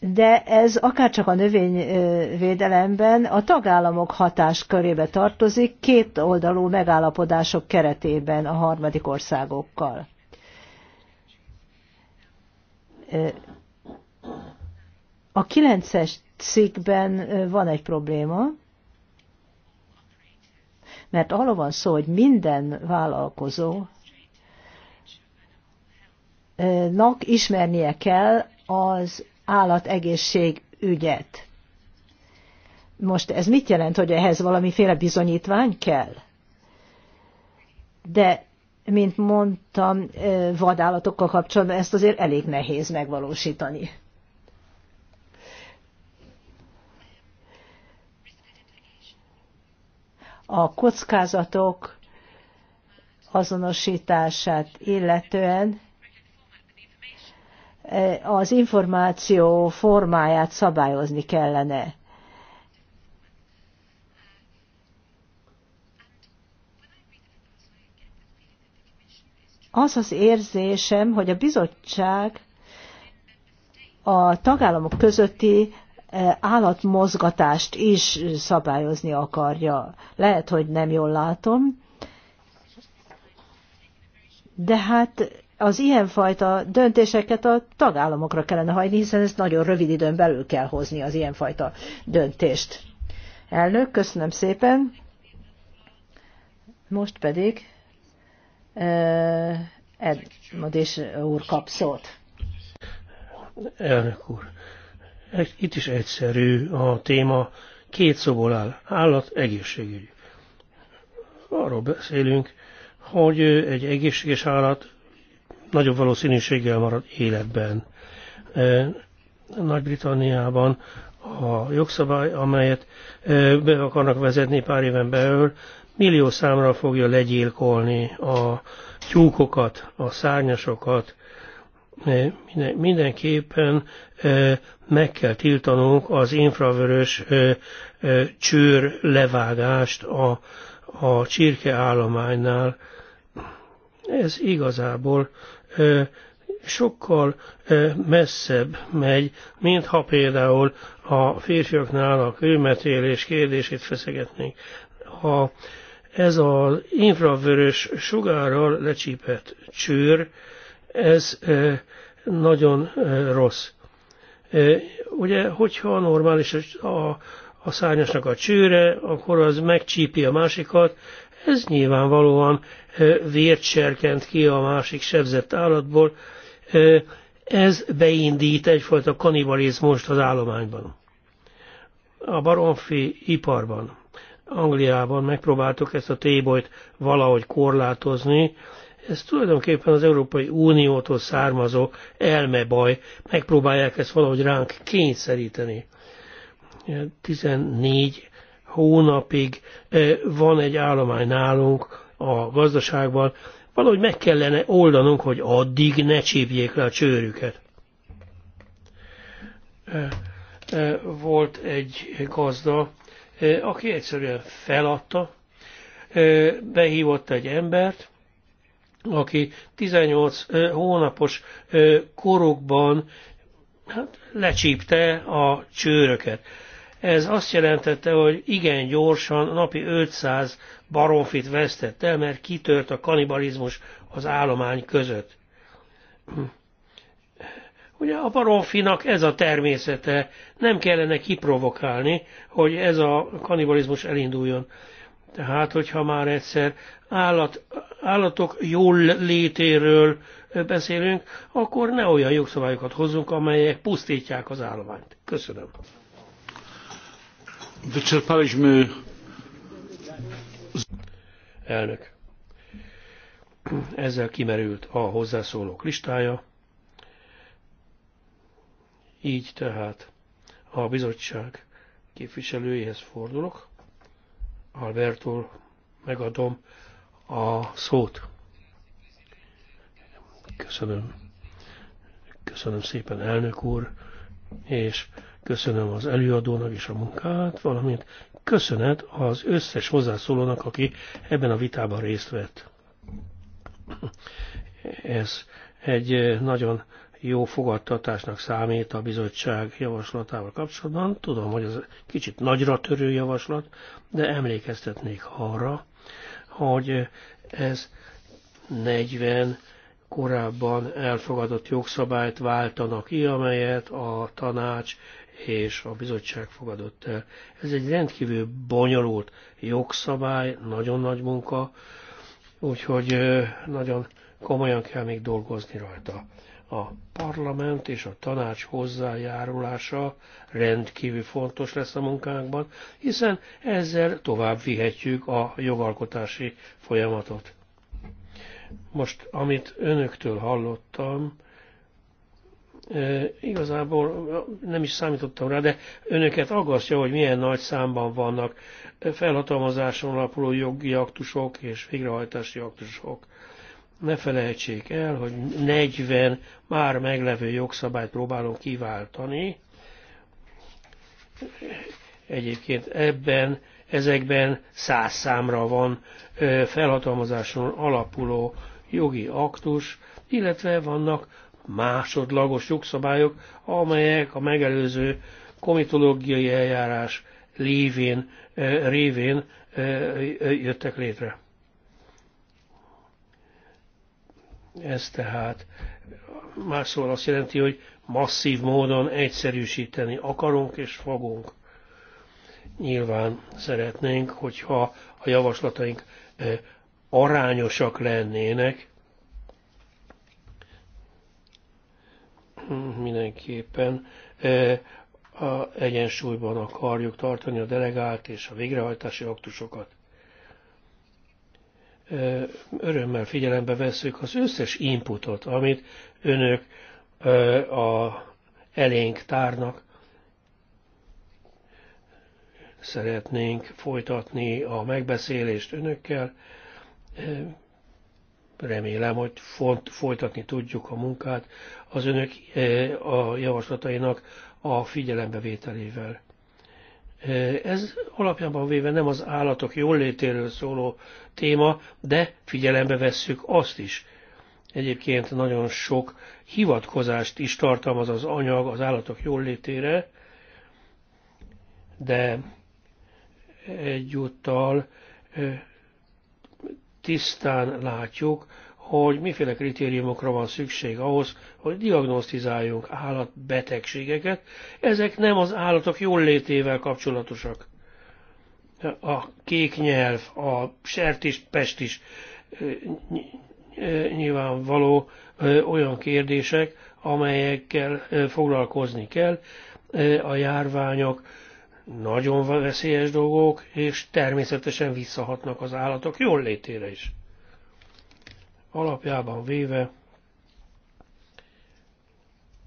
de ez akárcsak a növényvédelemben a tagállamok hatáskörébe tartozik két oldalú megállapodások keretében a harmadik országokkal. E, a kilences cikkben e, van egy probléma, mert arról van szó, hogy minden vállalkozó nak ismernie kell az állategészség ügyet. Most ez mit jelent, hogy ehhez valamiféle bizonyítvány kell? De, mint mondtam, vadállatokkal kapcsolatban ezt azért elég nehéz megvalósítani. a kockázatok azonosítását illetően e, az információ formáját szabályozni kellene. Az az érzésem, hogy a bizottság a tagállamok közötti állatmozgatást is szabályozni akarja. Lehet, hogy nem jól látom, de hát az ilyenfajta döntéseket a tagállamokra kellene hagyni, hiszen ezt nagyon rövid időn belül kell hozni az ilyenfajta döntést. Elnök, köszönöm szépen. Most pedig Edmond és úr kap szót.
Elnök úr, itt is egyszerű a téma, két szóból áll, állat egészségügy. Arról beszélünk, hogy egy egészséges állat nagyobb valószínűséggel marad életben. E, Nagy-Britanniában a jogszabály, amelyet e, be akarnak vezetni pár éven belül, millió számra fogja legyilkolni a tyúkokat, a szárnyasokat, minden, mindenképpen meg kell tiltanunk az infravörös csőr levágást a, a csirke állománynál. Ez igazából sokkal messzebb megy, mint ha például a férfiaknál a kőmetélés kérdését feszegetnénk. Ha ez az infravörös sugárral lecsípett csőr, ez nagyon rossz. Ugye, hogyha normális a, a szárnyasnak a csőre, akkor az megcsípi a másikat, ez nyilvánvalóan vért serkent ki a másik sebzett állatból, ez beindít egyfajta kanibalizmust az állományban. A baromfi iparban, Angliában megpróbáltuk ezt a tébolyt valahogy korlátozni, ez tulajdonképpen az Európai Uniótól származó elmebaj. Megpróbálják ezt valahogy ránk kényszeríteni. 14 hónapig eh, van egy állomány nálunk a gazdaságban, valahogy meg kellene oldanunk, hogy addig ne csípjék le a csőrüket. Eh, eh, volt egy gazda, aki egyszerűen feladta, behívott egy embert, aki 18 hónapos korukban hát, lecsípte a csőröket. Ez azt jelentette, hogy igen gyorsan napi 500 baromfit vesztett el, mert kitört a kanibalizmus az állomány között. Ugye a baromfinak ez a természete, nem kellene kiprovokálni, hogy ez a kanibalizmus elinduljon. Tehát, hogyha már egyszer állat, állatok jól létéről beszélünk, akkor ne olyan jogszabályokat hozzunk, amelyek pusztítják az állományt. Köszönöm. Wyczerpaliśmy... Elnök. Ezzel kimerült a hozzászólók listája. Így tehát a bizottság képviselőjéhez fordulok. Albertól megadom a szót. Köszönöm. Köszönöm szépen, elnök úr, és köszönöm az előadónak is a munkát, valamint köszönet az összes hozzászólónak, aki ebben a vitában részt vett. Ez egy nagyon jó fogadtatásnak számít a bizottság javaslatával kapcsolatban. Tudom, hogy ez kicsit nagyra törő javaslat, de emlékeztetnék arra, hogy ez 40 korábban elfogadott jogszabályt váltanak ki, amelyet a tanács és a bizottság fogadott el. Ez egy rendkívül bonyolult jogszabály, nagyon nagy munka, úgyhogy nagyon komolyan kell még dolgozni rajta a parlament és a tanács hozzájárulása rendkívül fontos lesz a munkánkban, hiszen ezzel tovább vihetjük a jogalkotási folyamatot. Most, amit önöktől hallottam, e, igazából nem is számítottam rá, de önöket aggasztja, hogy milyen nagy számban vannak felhatalmazáson alapuló jogi aktusok és végrehajtási aktusok. Ne felejtsék el, hogy 40 már meglevő jogszabályt próbálunk kiváltani. Egyébként ebben, ezekben száz számra van felhatalmazáson alapuló jogi aktus, illetve vannak másodlagos jogszabályok, amelyek a megelőző komitológiai eljárás lévén, révén jöttek létre. Ez tehát más szóval azt jelenti, hogy masszív módon egyszerűsíteni akarunk és fogunk. Nyilván szeretnénk, hogyha a javaslataink eh, arányosak lennének, hmm, mindenképpen eh, a egyensúlyban akarjuk tartani a delegált és a végrehajtási aktusokat örömmel figyelembe vesszük az összes inputot, amit önök a elénk tárnak. Szeretnénk folytatni a megbeszélést önökkel. Remélem, hogy folytatni tudjuk a munkát az önök a javaslatainak a figyelembevételével. Eh, ez alapjában véve nem az állatok jólétéről szóló téma, de figyelembe vesszük azt is. Egyébként nagyon sok hivatkozást is tartalmaz az anyag az állatok jólétére, de egyúttal eh, tisztán látjuk, hogy miféle kritériumokra van szükség ahhoz, hogy diagnosztizáljunk állatbetegségeket. Ezek nem az állatok jólétével kapcsolatosak. A kék nyelv, a sertis, pestis nyilvánvaló olyan kérdések, amelyekkel foglalkozni kell. A járványok nagyon veszélyes dolgok, és természetesen visszahatnak az állatok jól létére is. Alapjában véve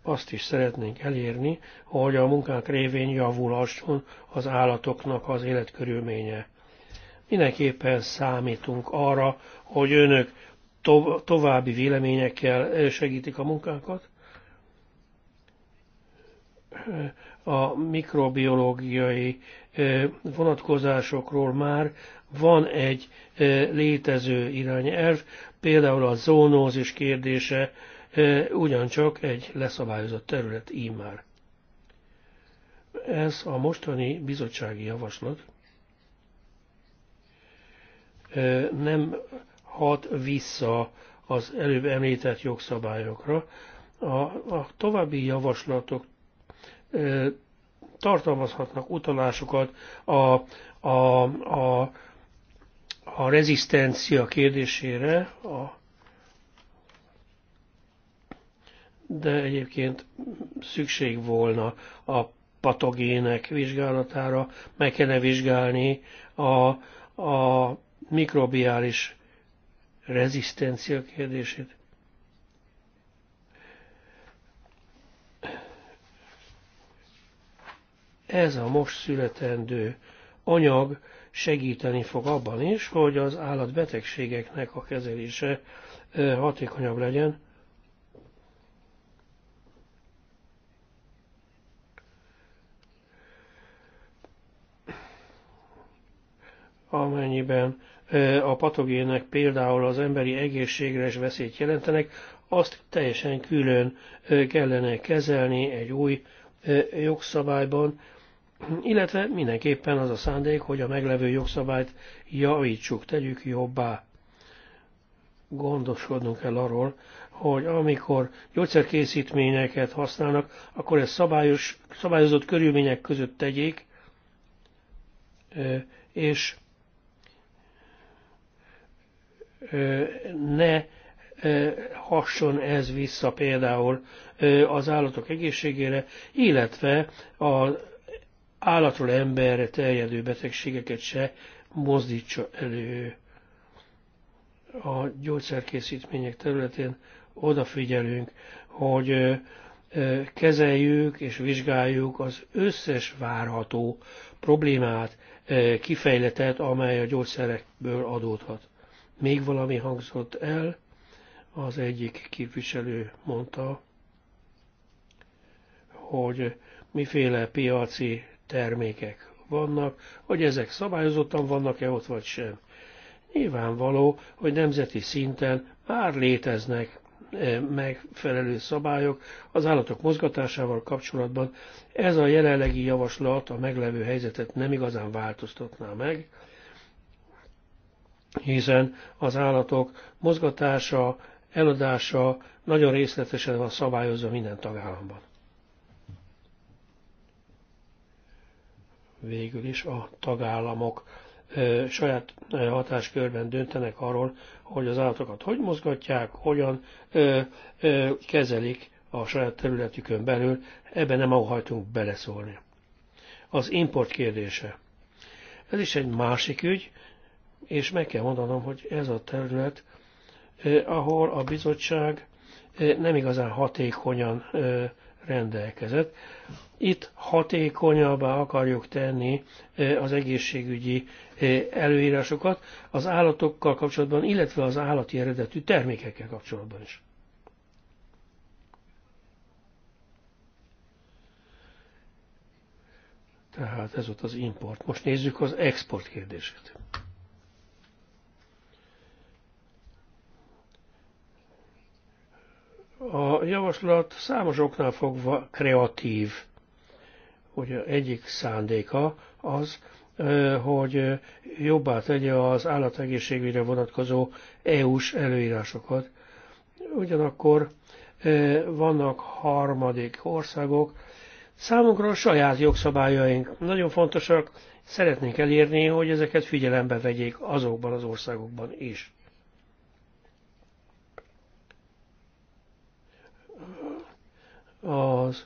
azt is szeretnénk elérni, hogy a munkánk révén javulhasson az állatoknak az életkörülménye. Mindenképpen számítunk arra, hogy önök tov- további véleményekkel segítik a munkánkat. A mikrobiológiai eh, vonatkozásokról már van egy létező irányelv, például a zónózis kérdése ugyancsak egy leszabályozott terület immár. Ez a mostani bizottsági javaslat nem hat vissza az előbb említett jogszabályokra. A, a további javaslatok tartalmazhatnak utalásokat a, a, a a rezisztencia kérdésére, a, de egyébként szükség volna a patogének vizsgálatára, meg kellene vizsgálni a, a mikrobiális rezisztencia kérdését. Ez a most születendő anyag, segíteni fog abban is, hogy az állatbetegségeknek a kezelése hatékonyabb legyen. Amennyiben a patogének például az emberi egészségre is veszélyt jelentenek, azt teljesen külön kellene kezelni egy új jogszabályban, illetve mindenképpen az a szándék, hogy a meglevő jogszabályt javítsuk, tegyük jobbá. Gondoskodnunk kell arról, hogy amikor gyógyszerkészítményeket használnak, akkor ezt szabályos, szabályozott körülmények között tegyék, és ne hasson ez vissza például az állatok egészségére, illetve a, állatról emberre terjedő betegségeket se mozdítsa elő. A gyógyszerkészítmények területén odafigyelünk, hogy kezeljük és vizsgáljuk az összes várható problémát, kifejletet, amely a gyógyszerekből adódhat. Még valami hangzott el, az egyik képviselő mondta, hogy miféle piaci termékek vannak, hogy ezek szabályozottan vannak-e ott vagy sem. Nyilvánvaló, hogy nemzeti szinten már léteznek eh, megfelelő szabályok az állatok mozgatásával kapcsolatban. Ez a jelenlegi javaslat a meglevő helyzetet nem igazán változtatná meg, hiszen az állatok mozgatása, eladása nagyon részletesen van szabályozva minden tagállamban. végül is a tagállamok saját hatáskörben döntenek arról, hogy az állatokat hogy mozgatják, hogyan kezelik a saját területükön belül, ebben nem óhajtunk beleszólni. Az import kérdése. Ez is egy másik ügy, és meg kell mondanom, hogy ez a terület, ahol a bizottság nem igazán hatékonyan rendelkezett. Itt hatékonyabbá akarjuk tenni az egészségügyi előírásokat az állatokkal kapcsolatban, illetve az állati eredetű termékekkel kapcsolatban is. Tehát ez ott az import. Most nézzük az export kérdését. A javaslat számos oknál fogva kreatív. Ugye egyik szándéka az, hogy jobbá tegye az állategészségügyre vonatkozó EU-s előírásokat. Ugyanakkor vannak harmadik országok, Számunkra a saját jogszabályaink nagyon fontosak, szeretnénk elérni, hogy ezeket figyelembe vegyék azokban az országokban is. Az,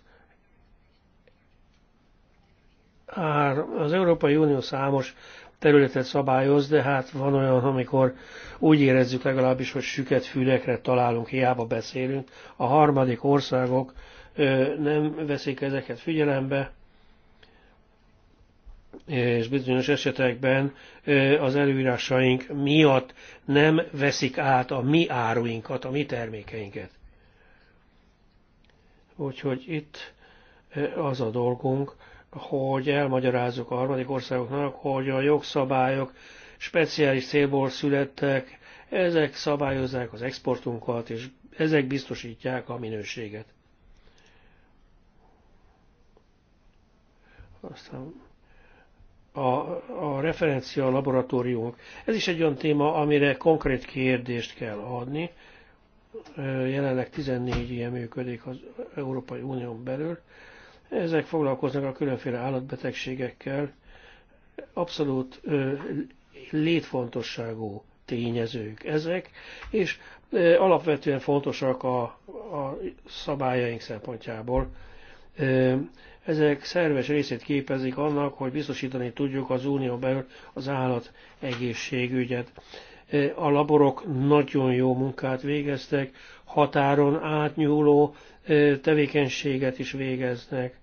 ár, az Európai Unió számos területet szabályoz, de hát van olyan, amikor úgy érezzük legalábbis, hogy süket fülekre találunk, hiába beszélünk. A harmadik országok nem veszik ezeket figyelembe, és bizonyos esetekben az előírásaink miatt nem veszik át a mi áruinkat, a mi termékeinket. Úgyhogy itt az a dolgunk, hogy elmagyarázzuk a harmadik országoknak, hogy a jogszabályok speciális célból születtek, ezek szabályozzák az exportunkat, és ezek biztosítják a minőséget. Aztán a, a referencia laboratóriumok. Ez is egy olyan téma, amire konkrét kérdést kell adni jelenleg 14 ilyen működik az Európai Unión belül. Ezek foglalkoznak a különféle állatbetegségekkel. Abszolút létfontosságú tényezők ezek, és alapvetően fontosak a, a szabályaink szempontjából. Ezek szerves részét képezik annak, hogy biztosítani tudjuk az unió belül az állat egészségügyet a laborok nagyon jó munkát végeztek, határon átnyúló tevékenységet is végeznek.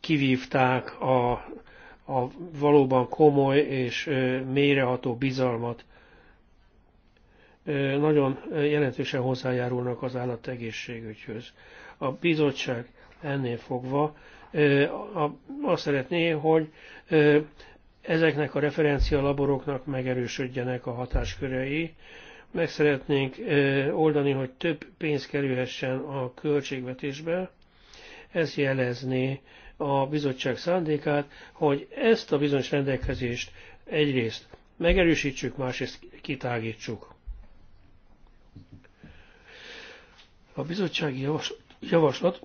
Kivívták a, a valóban komoly és méreható bizalmat. Nagyon jelentősen hozzájárulnak az állategészségügyhöz. A bizottság ennél fogva azt szeretné, hogy ezeknek a referencia laboroknak megerősödjenek a hatáskörei. Meg szeretnénk oldani, hogy több pénz kerülhessen a költségvetésbe. Ez jelezné a bizottság szándékát, hogy ezt a bizonyos rendelkezést egyrészt megerősítsük, másrészt kitágítsuk. A bizottsági javaslat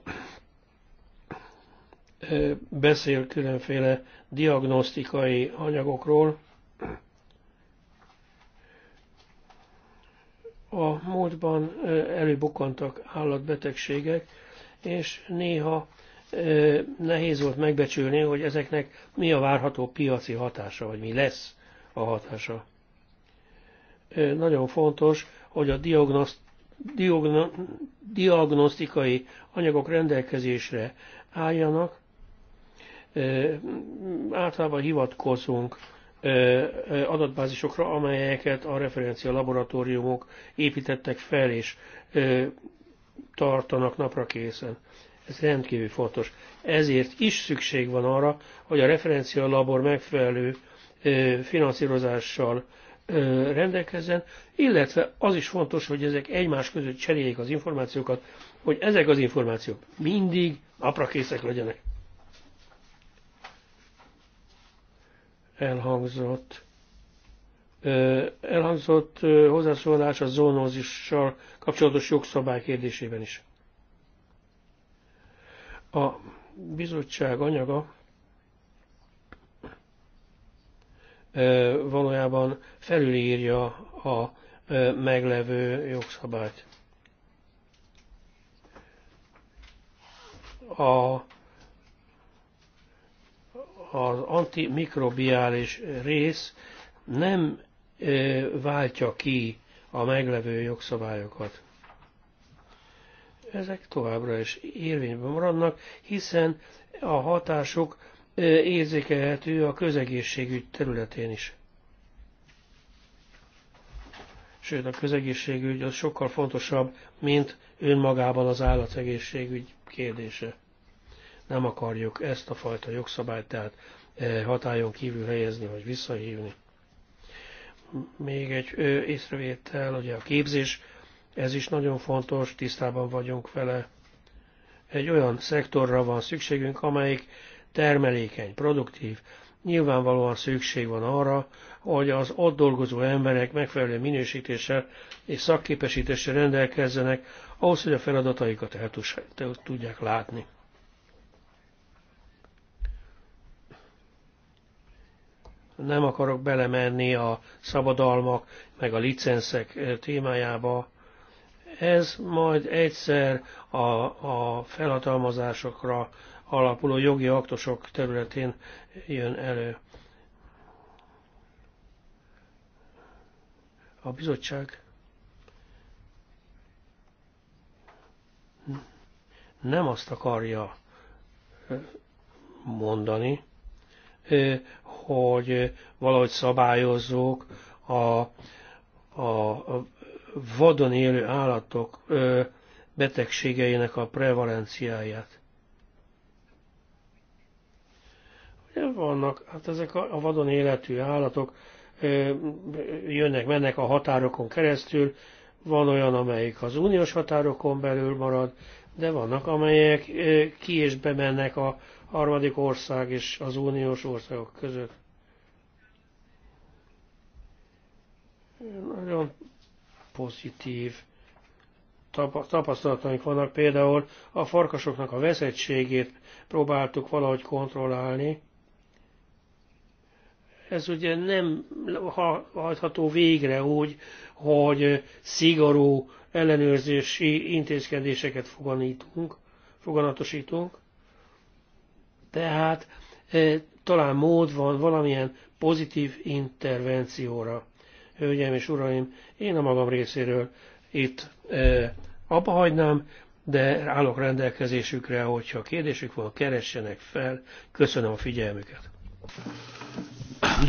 beszél különféle diagnosztikai anyagokról. A múltban előbukkantak állatbetegségek, és néha nehéz volt megbecsülni, hogy ezeknek mi a várható piaci hatása, vagy mi lesz a hatása. Nagyon fontos, hogy a diagnosztikai anyagok rendelkezésre álljanak, Általában hivatkozunk adatbázisokra, amelyeket a referencia laboratóriumok építettek fel és tartanak napra készen. Ez rendkívül fontos. Ezért is szükség van arra, hogy a referencia labor megfelelő finanszírozással rendelkezzen, illetve az is fontos, hogy ezek egymás között cseréljék az információkat, hogy ezek az információk mindig naprakészek legyenek. elhangzott elhangzott hozzászólás a zónózissal kapcsolatos jogszabály kérdésében is. A bizottság anyaga valójában felülírja a meglevő jogszabályt. A az antimikrobiális rész nem váltja ki a meglevő jogszabályokat. Ezek továbbra is érvényben maradnak, hiszen a hatásuk érzékelhető a közegészségügy területén is. Sőt, a közegészségügy az sokkal fontosabb, mint önmagában az állategészségügy kérdése nem akarjuk ezt a fajta jogszabályt tehát e, hatályon kívül helyezni vagy visszahívni. Még egy észrevétel, ugye a képzés, ez is nagyon fontos, tisztában vagyunk vele. Egy olyan szektorra van szükségünk, amelyik termelékeny, produktív, nyilvánvalóan szükség van arra, hogy az ott dolgozó emberek megfelelő minősítéssel és szakképesítéssel rendelkezzenek, ahhoz, hogy a feladataikat el tudják látni. nem akarok belemenni a szabadalmak, meg a licenszek eh, témájába. Ez majd egyszer a, a felhatalmazásokra alapuló jogi aktusok területén jön elő. A bizottság nem azt akarja eh, mondani, hogy valahogy szabályozzuk a, a vadon élő állatok betegségeinek a prevalenciáját. Ugye vannak, hát ezek a, vadon életű állatok jönnek, mennek a határokon keresztül, van olyan, amelyik az uniós határokon belül marad, de vannak, amelyek ki és bemennek a harmadik ország és az uniós országok között. Nagyon pozitív tapasztalataink vannak, például a farkasoknak a veszettségét próbáltuk valahogy kontrollálni. Ez ugye nem hajtható végre úgy, hogy szigorú ellenőrzési intézkedéseket foganítunk, foganatosítunk. Tehát talán mód van valamilyen pozitív intervencióra. Hölgyeim és uraim, én a magam részéről itt abba hagynám, de állok rendelkezésükre, hogyha kérdésük van, keressenek fel. Köszönöm a figyelmüket.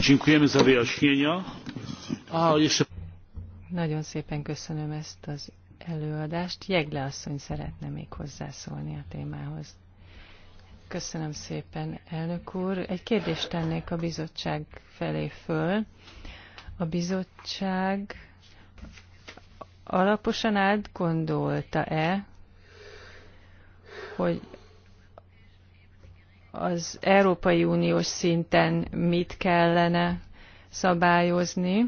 Dziękujemy za wyjaśnienia. A, jeszcze...
Nagyon szépen köszönöm ezt az előadást. Jegle asszony szeretne még hozzászólni a témához. Köszönöm szépen, elnök úr. Egy kérdést tennék a bizottság felé föl. A bizottság alaposan átgondolta-e, hogy az Európai Uniós szinten mit kellene szabályozni,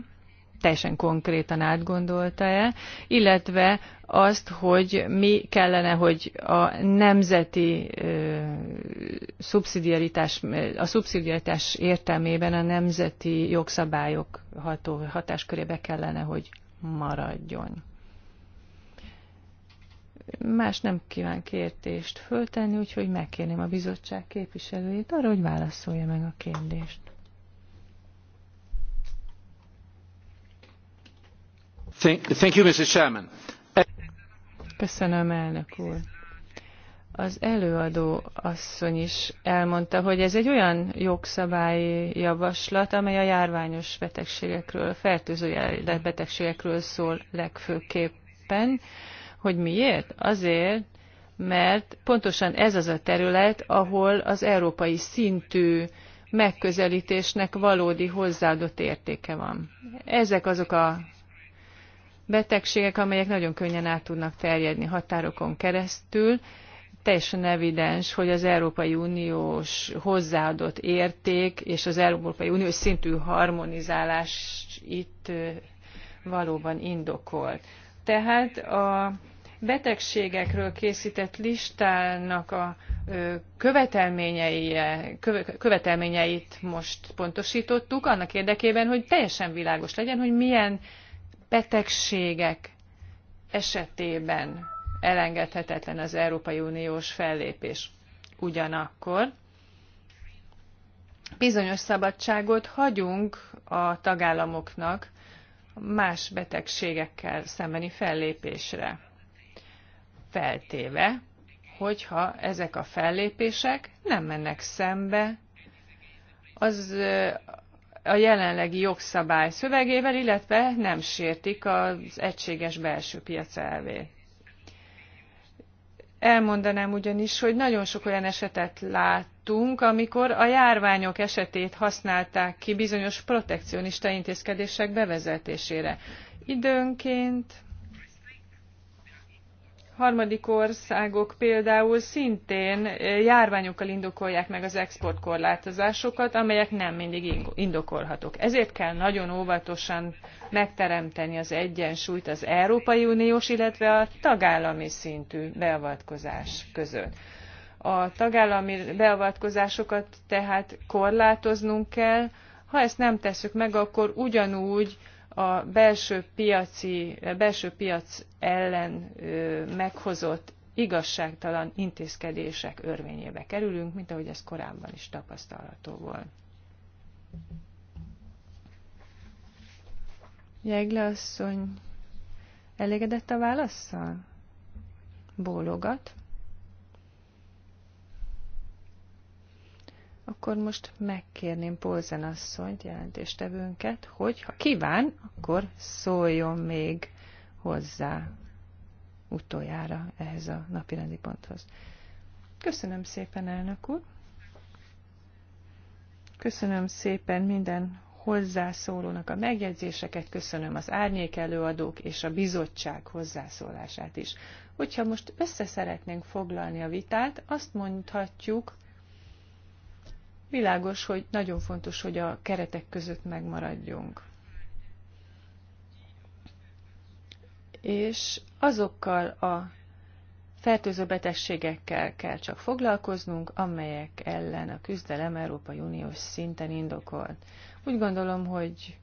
teljesen konkrétan átgondolta-e, illetve azt, hogy mi kellene, hogy a nemzeti szubszidiaritás, a szubszidiaritás értelmében a nemzeti jogszabályok ható, hatáskörébe kellene, hogy maradjon. Más nem kíván kértést föltenni, úgyhogy megkérném a bizottság képviselőjét arra, hogy válaszolja meg a
kérdést.
Az előadó asszony is elmondta, hogy ez egy olyan jogszabályi javaslat, amely a járványos betegségekről, a fertőző betegségekről szól legfőképpen. Hogy miért? Azért, mert pontosan ez az a terület, ahol az európai szintű megközelítésnek valódi hozzáadott értéke van. Ezek azok a betegségek, amelyek nagyon könnyen át tudnak terjedni határokon keresztül. Teljesen evidens, hogy az Európai Uniós hozzáadott érték és az Európai Uniós szintű harmonizálás itt valóban indokolt. Tehát a betegségekről készített listának a követelményeit most pontosítottuk, annak érdekében, hogy teljesen világos legyen, hogy milyen betegségek esetében elengedhetetlen az Európai Uniós fellépés. Ugyanakkor bizonyos szabadságot hagyunk a tagállamoknak más betegségekkel szembeni fellépésre. Feltéve, hogyha ezek a fellépések nem mennek szembe az a jelenlegi jogszabály szövegével, illetve nem sértik az egységes belső piac elvét. Elmondanám ugyanis, hogy nagyon sok olyan esetet láttunk, amikor a járványok esetét használták ki bizonyos protekcionista intézkedések bevezetésére. Időnként harmadik országok például szintén eh, járványokkal indokolják meg az exportkorlátozásokat, amelyek nem mindig indokolhatók. Ezért kell nagyon óvatosan megteremteni az egyensúlyt az Európai Uniós, illetve a tagállami szintű beavatkozás között. A tagállami beavatkozásokat tehát korlátoznunk kell, ha ezt nem tesszük meg, akkor ugyanúgy a belső, piaci, belső piac ellen meghozott igazságtalan intézkedések örvényébe kerülünk, mint ahogy ez korábban is tapasztalható volt. Jegle asszony, elégedett a válaszsal? Bólogat. akkor most megkérném Polzen asszonyt, jelentéstevőnket, hogy ha kíván, akkor szóljon még hozzá utoljára ehhez a rendi ponthoz. Köszönöm szépen, elnök úr! Köszönöm szépen minden hozzászólónak a megjegyzéseket, köszönöm az árnyék előadók és a bizottság hozzászólását is. Hogyha most össze szeretnénk foglalni a vitát, azt mondhatjuk, Világos, hogy nagyon fontos, hogy a keretek között megmaradjunk. És azokkal a fertőző betegségekkel kell csak foglalkoznunk, amelyek ellen a küzdelem Európai Uniós szinten indokolt. Úgy gondolom, hogy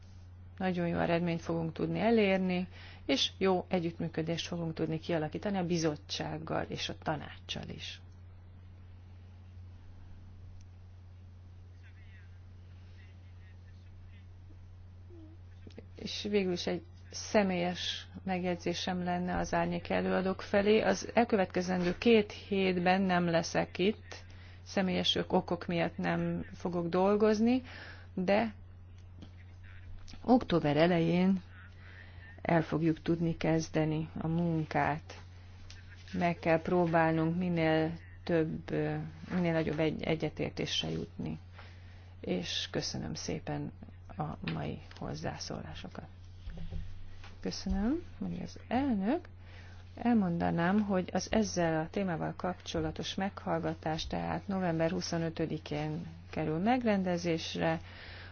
nagyon jó eredményt fogunk tudni elérni, és jó együttműködést fogunk tudni kialakítani a bizottsággal és a tanácssal is. és végül is egy személyes megjegyzésem lenne az árnyék előadók felé. Az elkövetkezendő két hétben nem leszek itt, személyes okok miatt nem fogok dolgozni, de október elején el fogjuk tudni kezdeni a munkát. Meg kell próbálnunk minél több, minél nagyobb egy egyetértésre jutni. És köszönöm szépen a mai hozzászólásokat. Köszönöm, hogy az elnök. Elmondanám, hogy az ezzel a témával kapcsolatos meghallgatás tehát november 25-én kerül megrendezésre.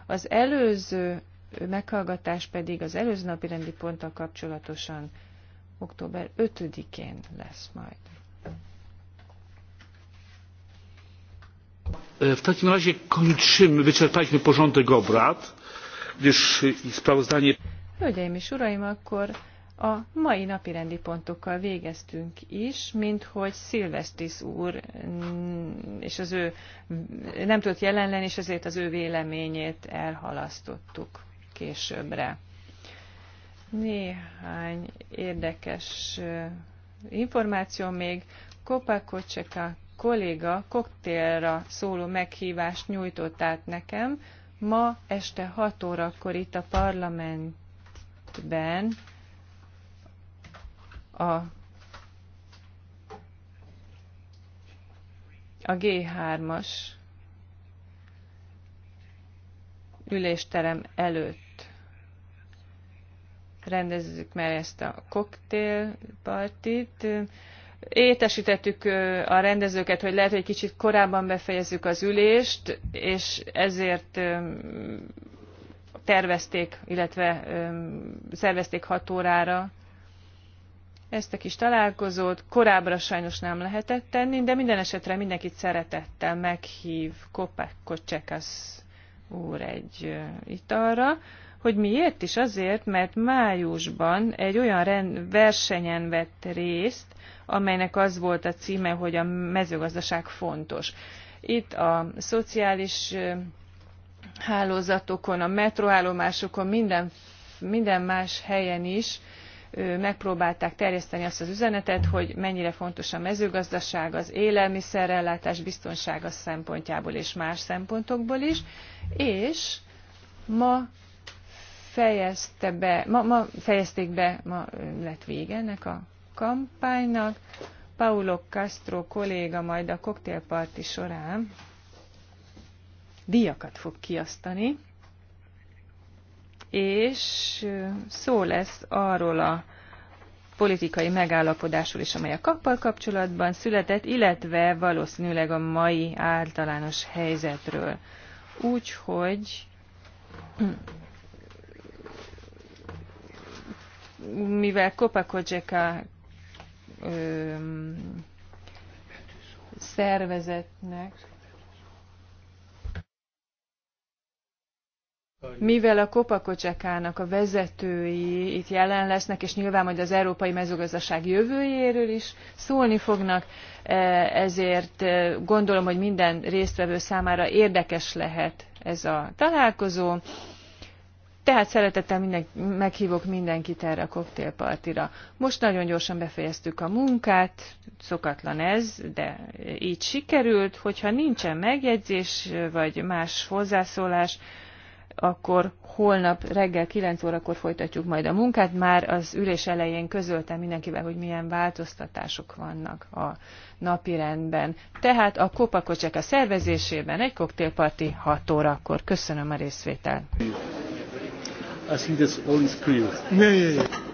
Az előző meghallgatás pedig az előző napi rendi ponttal kapcsolatosan október 5-én lesz majd.
E, w takim razie kończymy, wyczerpaliśmy porządek obrad gdyż sprawozdanie...
Hölgyeim és uraim, akkor a mai napi rendi pontokkal végeztünk is, mint hogy Szilvesztis úr mm, és az ő nem tudott jelen lenni, és ezért az ő véleményét elhalasztottuk későbbre. Néhány érdekes információ még. Kopa Kocseka kolléga koktélra szóló meghívást nyújtott át nekem, Ma este 6 órakor itt a parlamentben a, a G3-as ülésterem előtt rendezzük meg ezt a koktélpartit. Értesítettük a rendezőket, hogy lehet, hogy kicsit korábban befejezzük az ülést, és ezért tervezték, illetve szervezték hat órára ezt a kis találkozót. Korábbra sajnos nem lehetett tenni, de minden esetre mindenkit szeretettel meghív Kopák Kocsekasz úr egy italra. Hogy miért is? Azért, mert májusban egy olyan rend, versenyen vett részt, amelynek az volt a címe, hogy a mezőgazdaság fontos. Itt a szociális hálózatokon, a metroállomásokon, minden, minden más helyen is megpróbálták terjeszteni azt az üzenetet, hogy mennyire fontos a mezőgazdaság, az élelmiszerellátás biztonsága szempontjából és más szempontokból is, és ma fejezte be, ma, ma fejezték be, ma lett vége ennek a kampánynak. Paulo Castro kolléga majd a koktélparti során díjakat fog kiasztani, és szó lesz arról a politikai megállapodásról is, amely a kappal kapcsolatban született, illetve valószínűleg a mai általános helyzetről. Úgyhogy mivel a szervezetnek, mivel a Kopakocsekának a vezetői itt jelen lesznek, és nyilván majd az európai mezőgazdaság jövőjéről is szólni fognak, e, ezért e, gondolom, hogy minden résztvevő számára érdekes lehet ez a találkozó. Tehát szeretettel minden, meghívok mindenkit erre a koktélpartira. Most nagyon gyorsan befejeztük a munkát, szokatlan ez, de így sikerült. Hogyha nincsen megjegyzés vagy más hozzászólás, akkor holnap reggel 9 órakor folytatjuk majd a munkát. Már az ülés elején közöltem mindenkivel, hogy milyen változtatások vannak a napi rendben. Tehát a kopakocsek a szervezésében egy koktélparti 6 órakor. Köszönöm a részvételt.
I think that's all is clear. Yeah, yeah, yeah.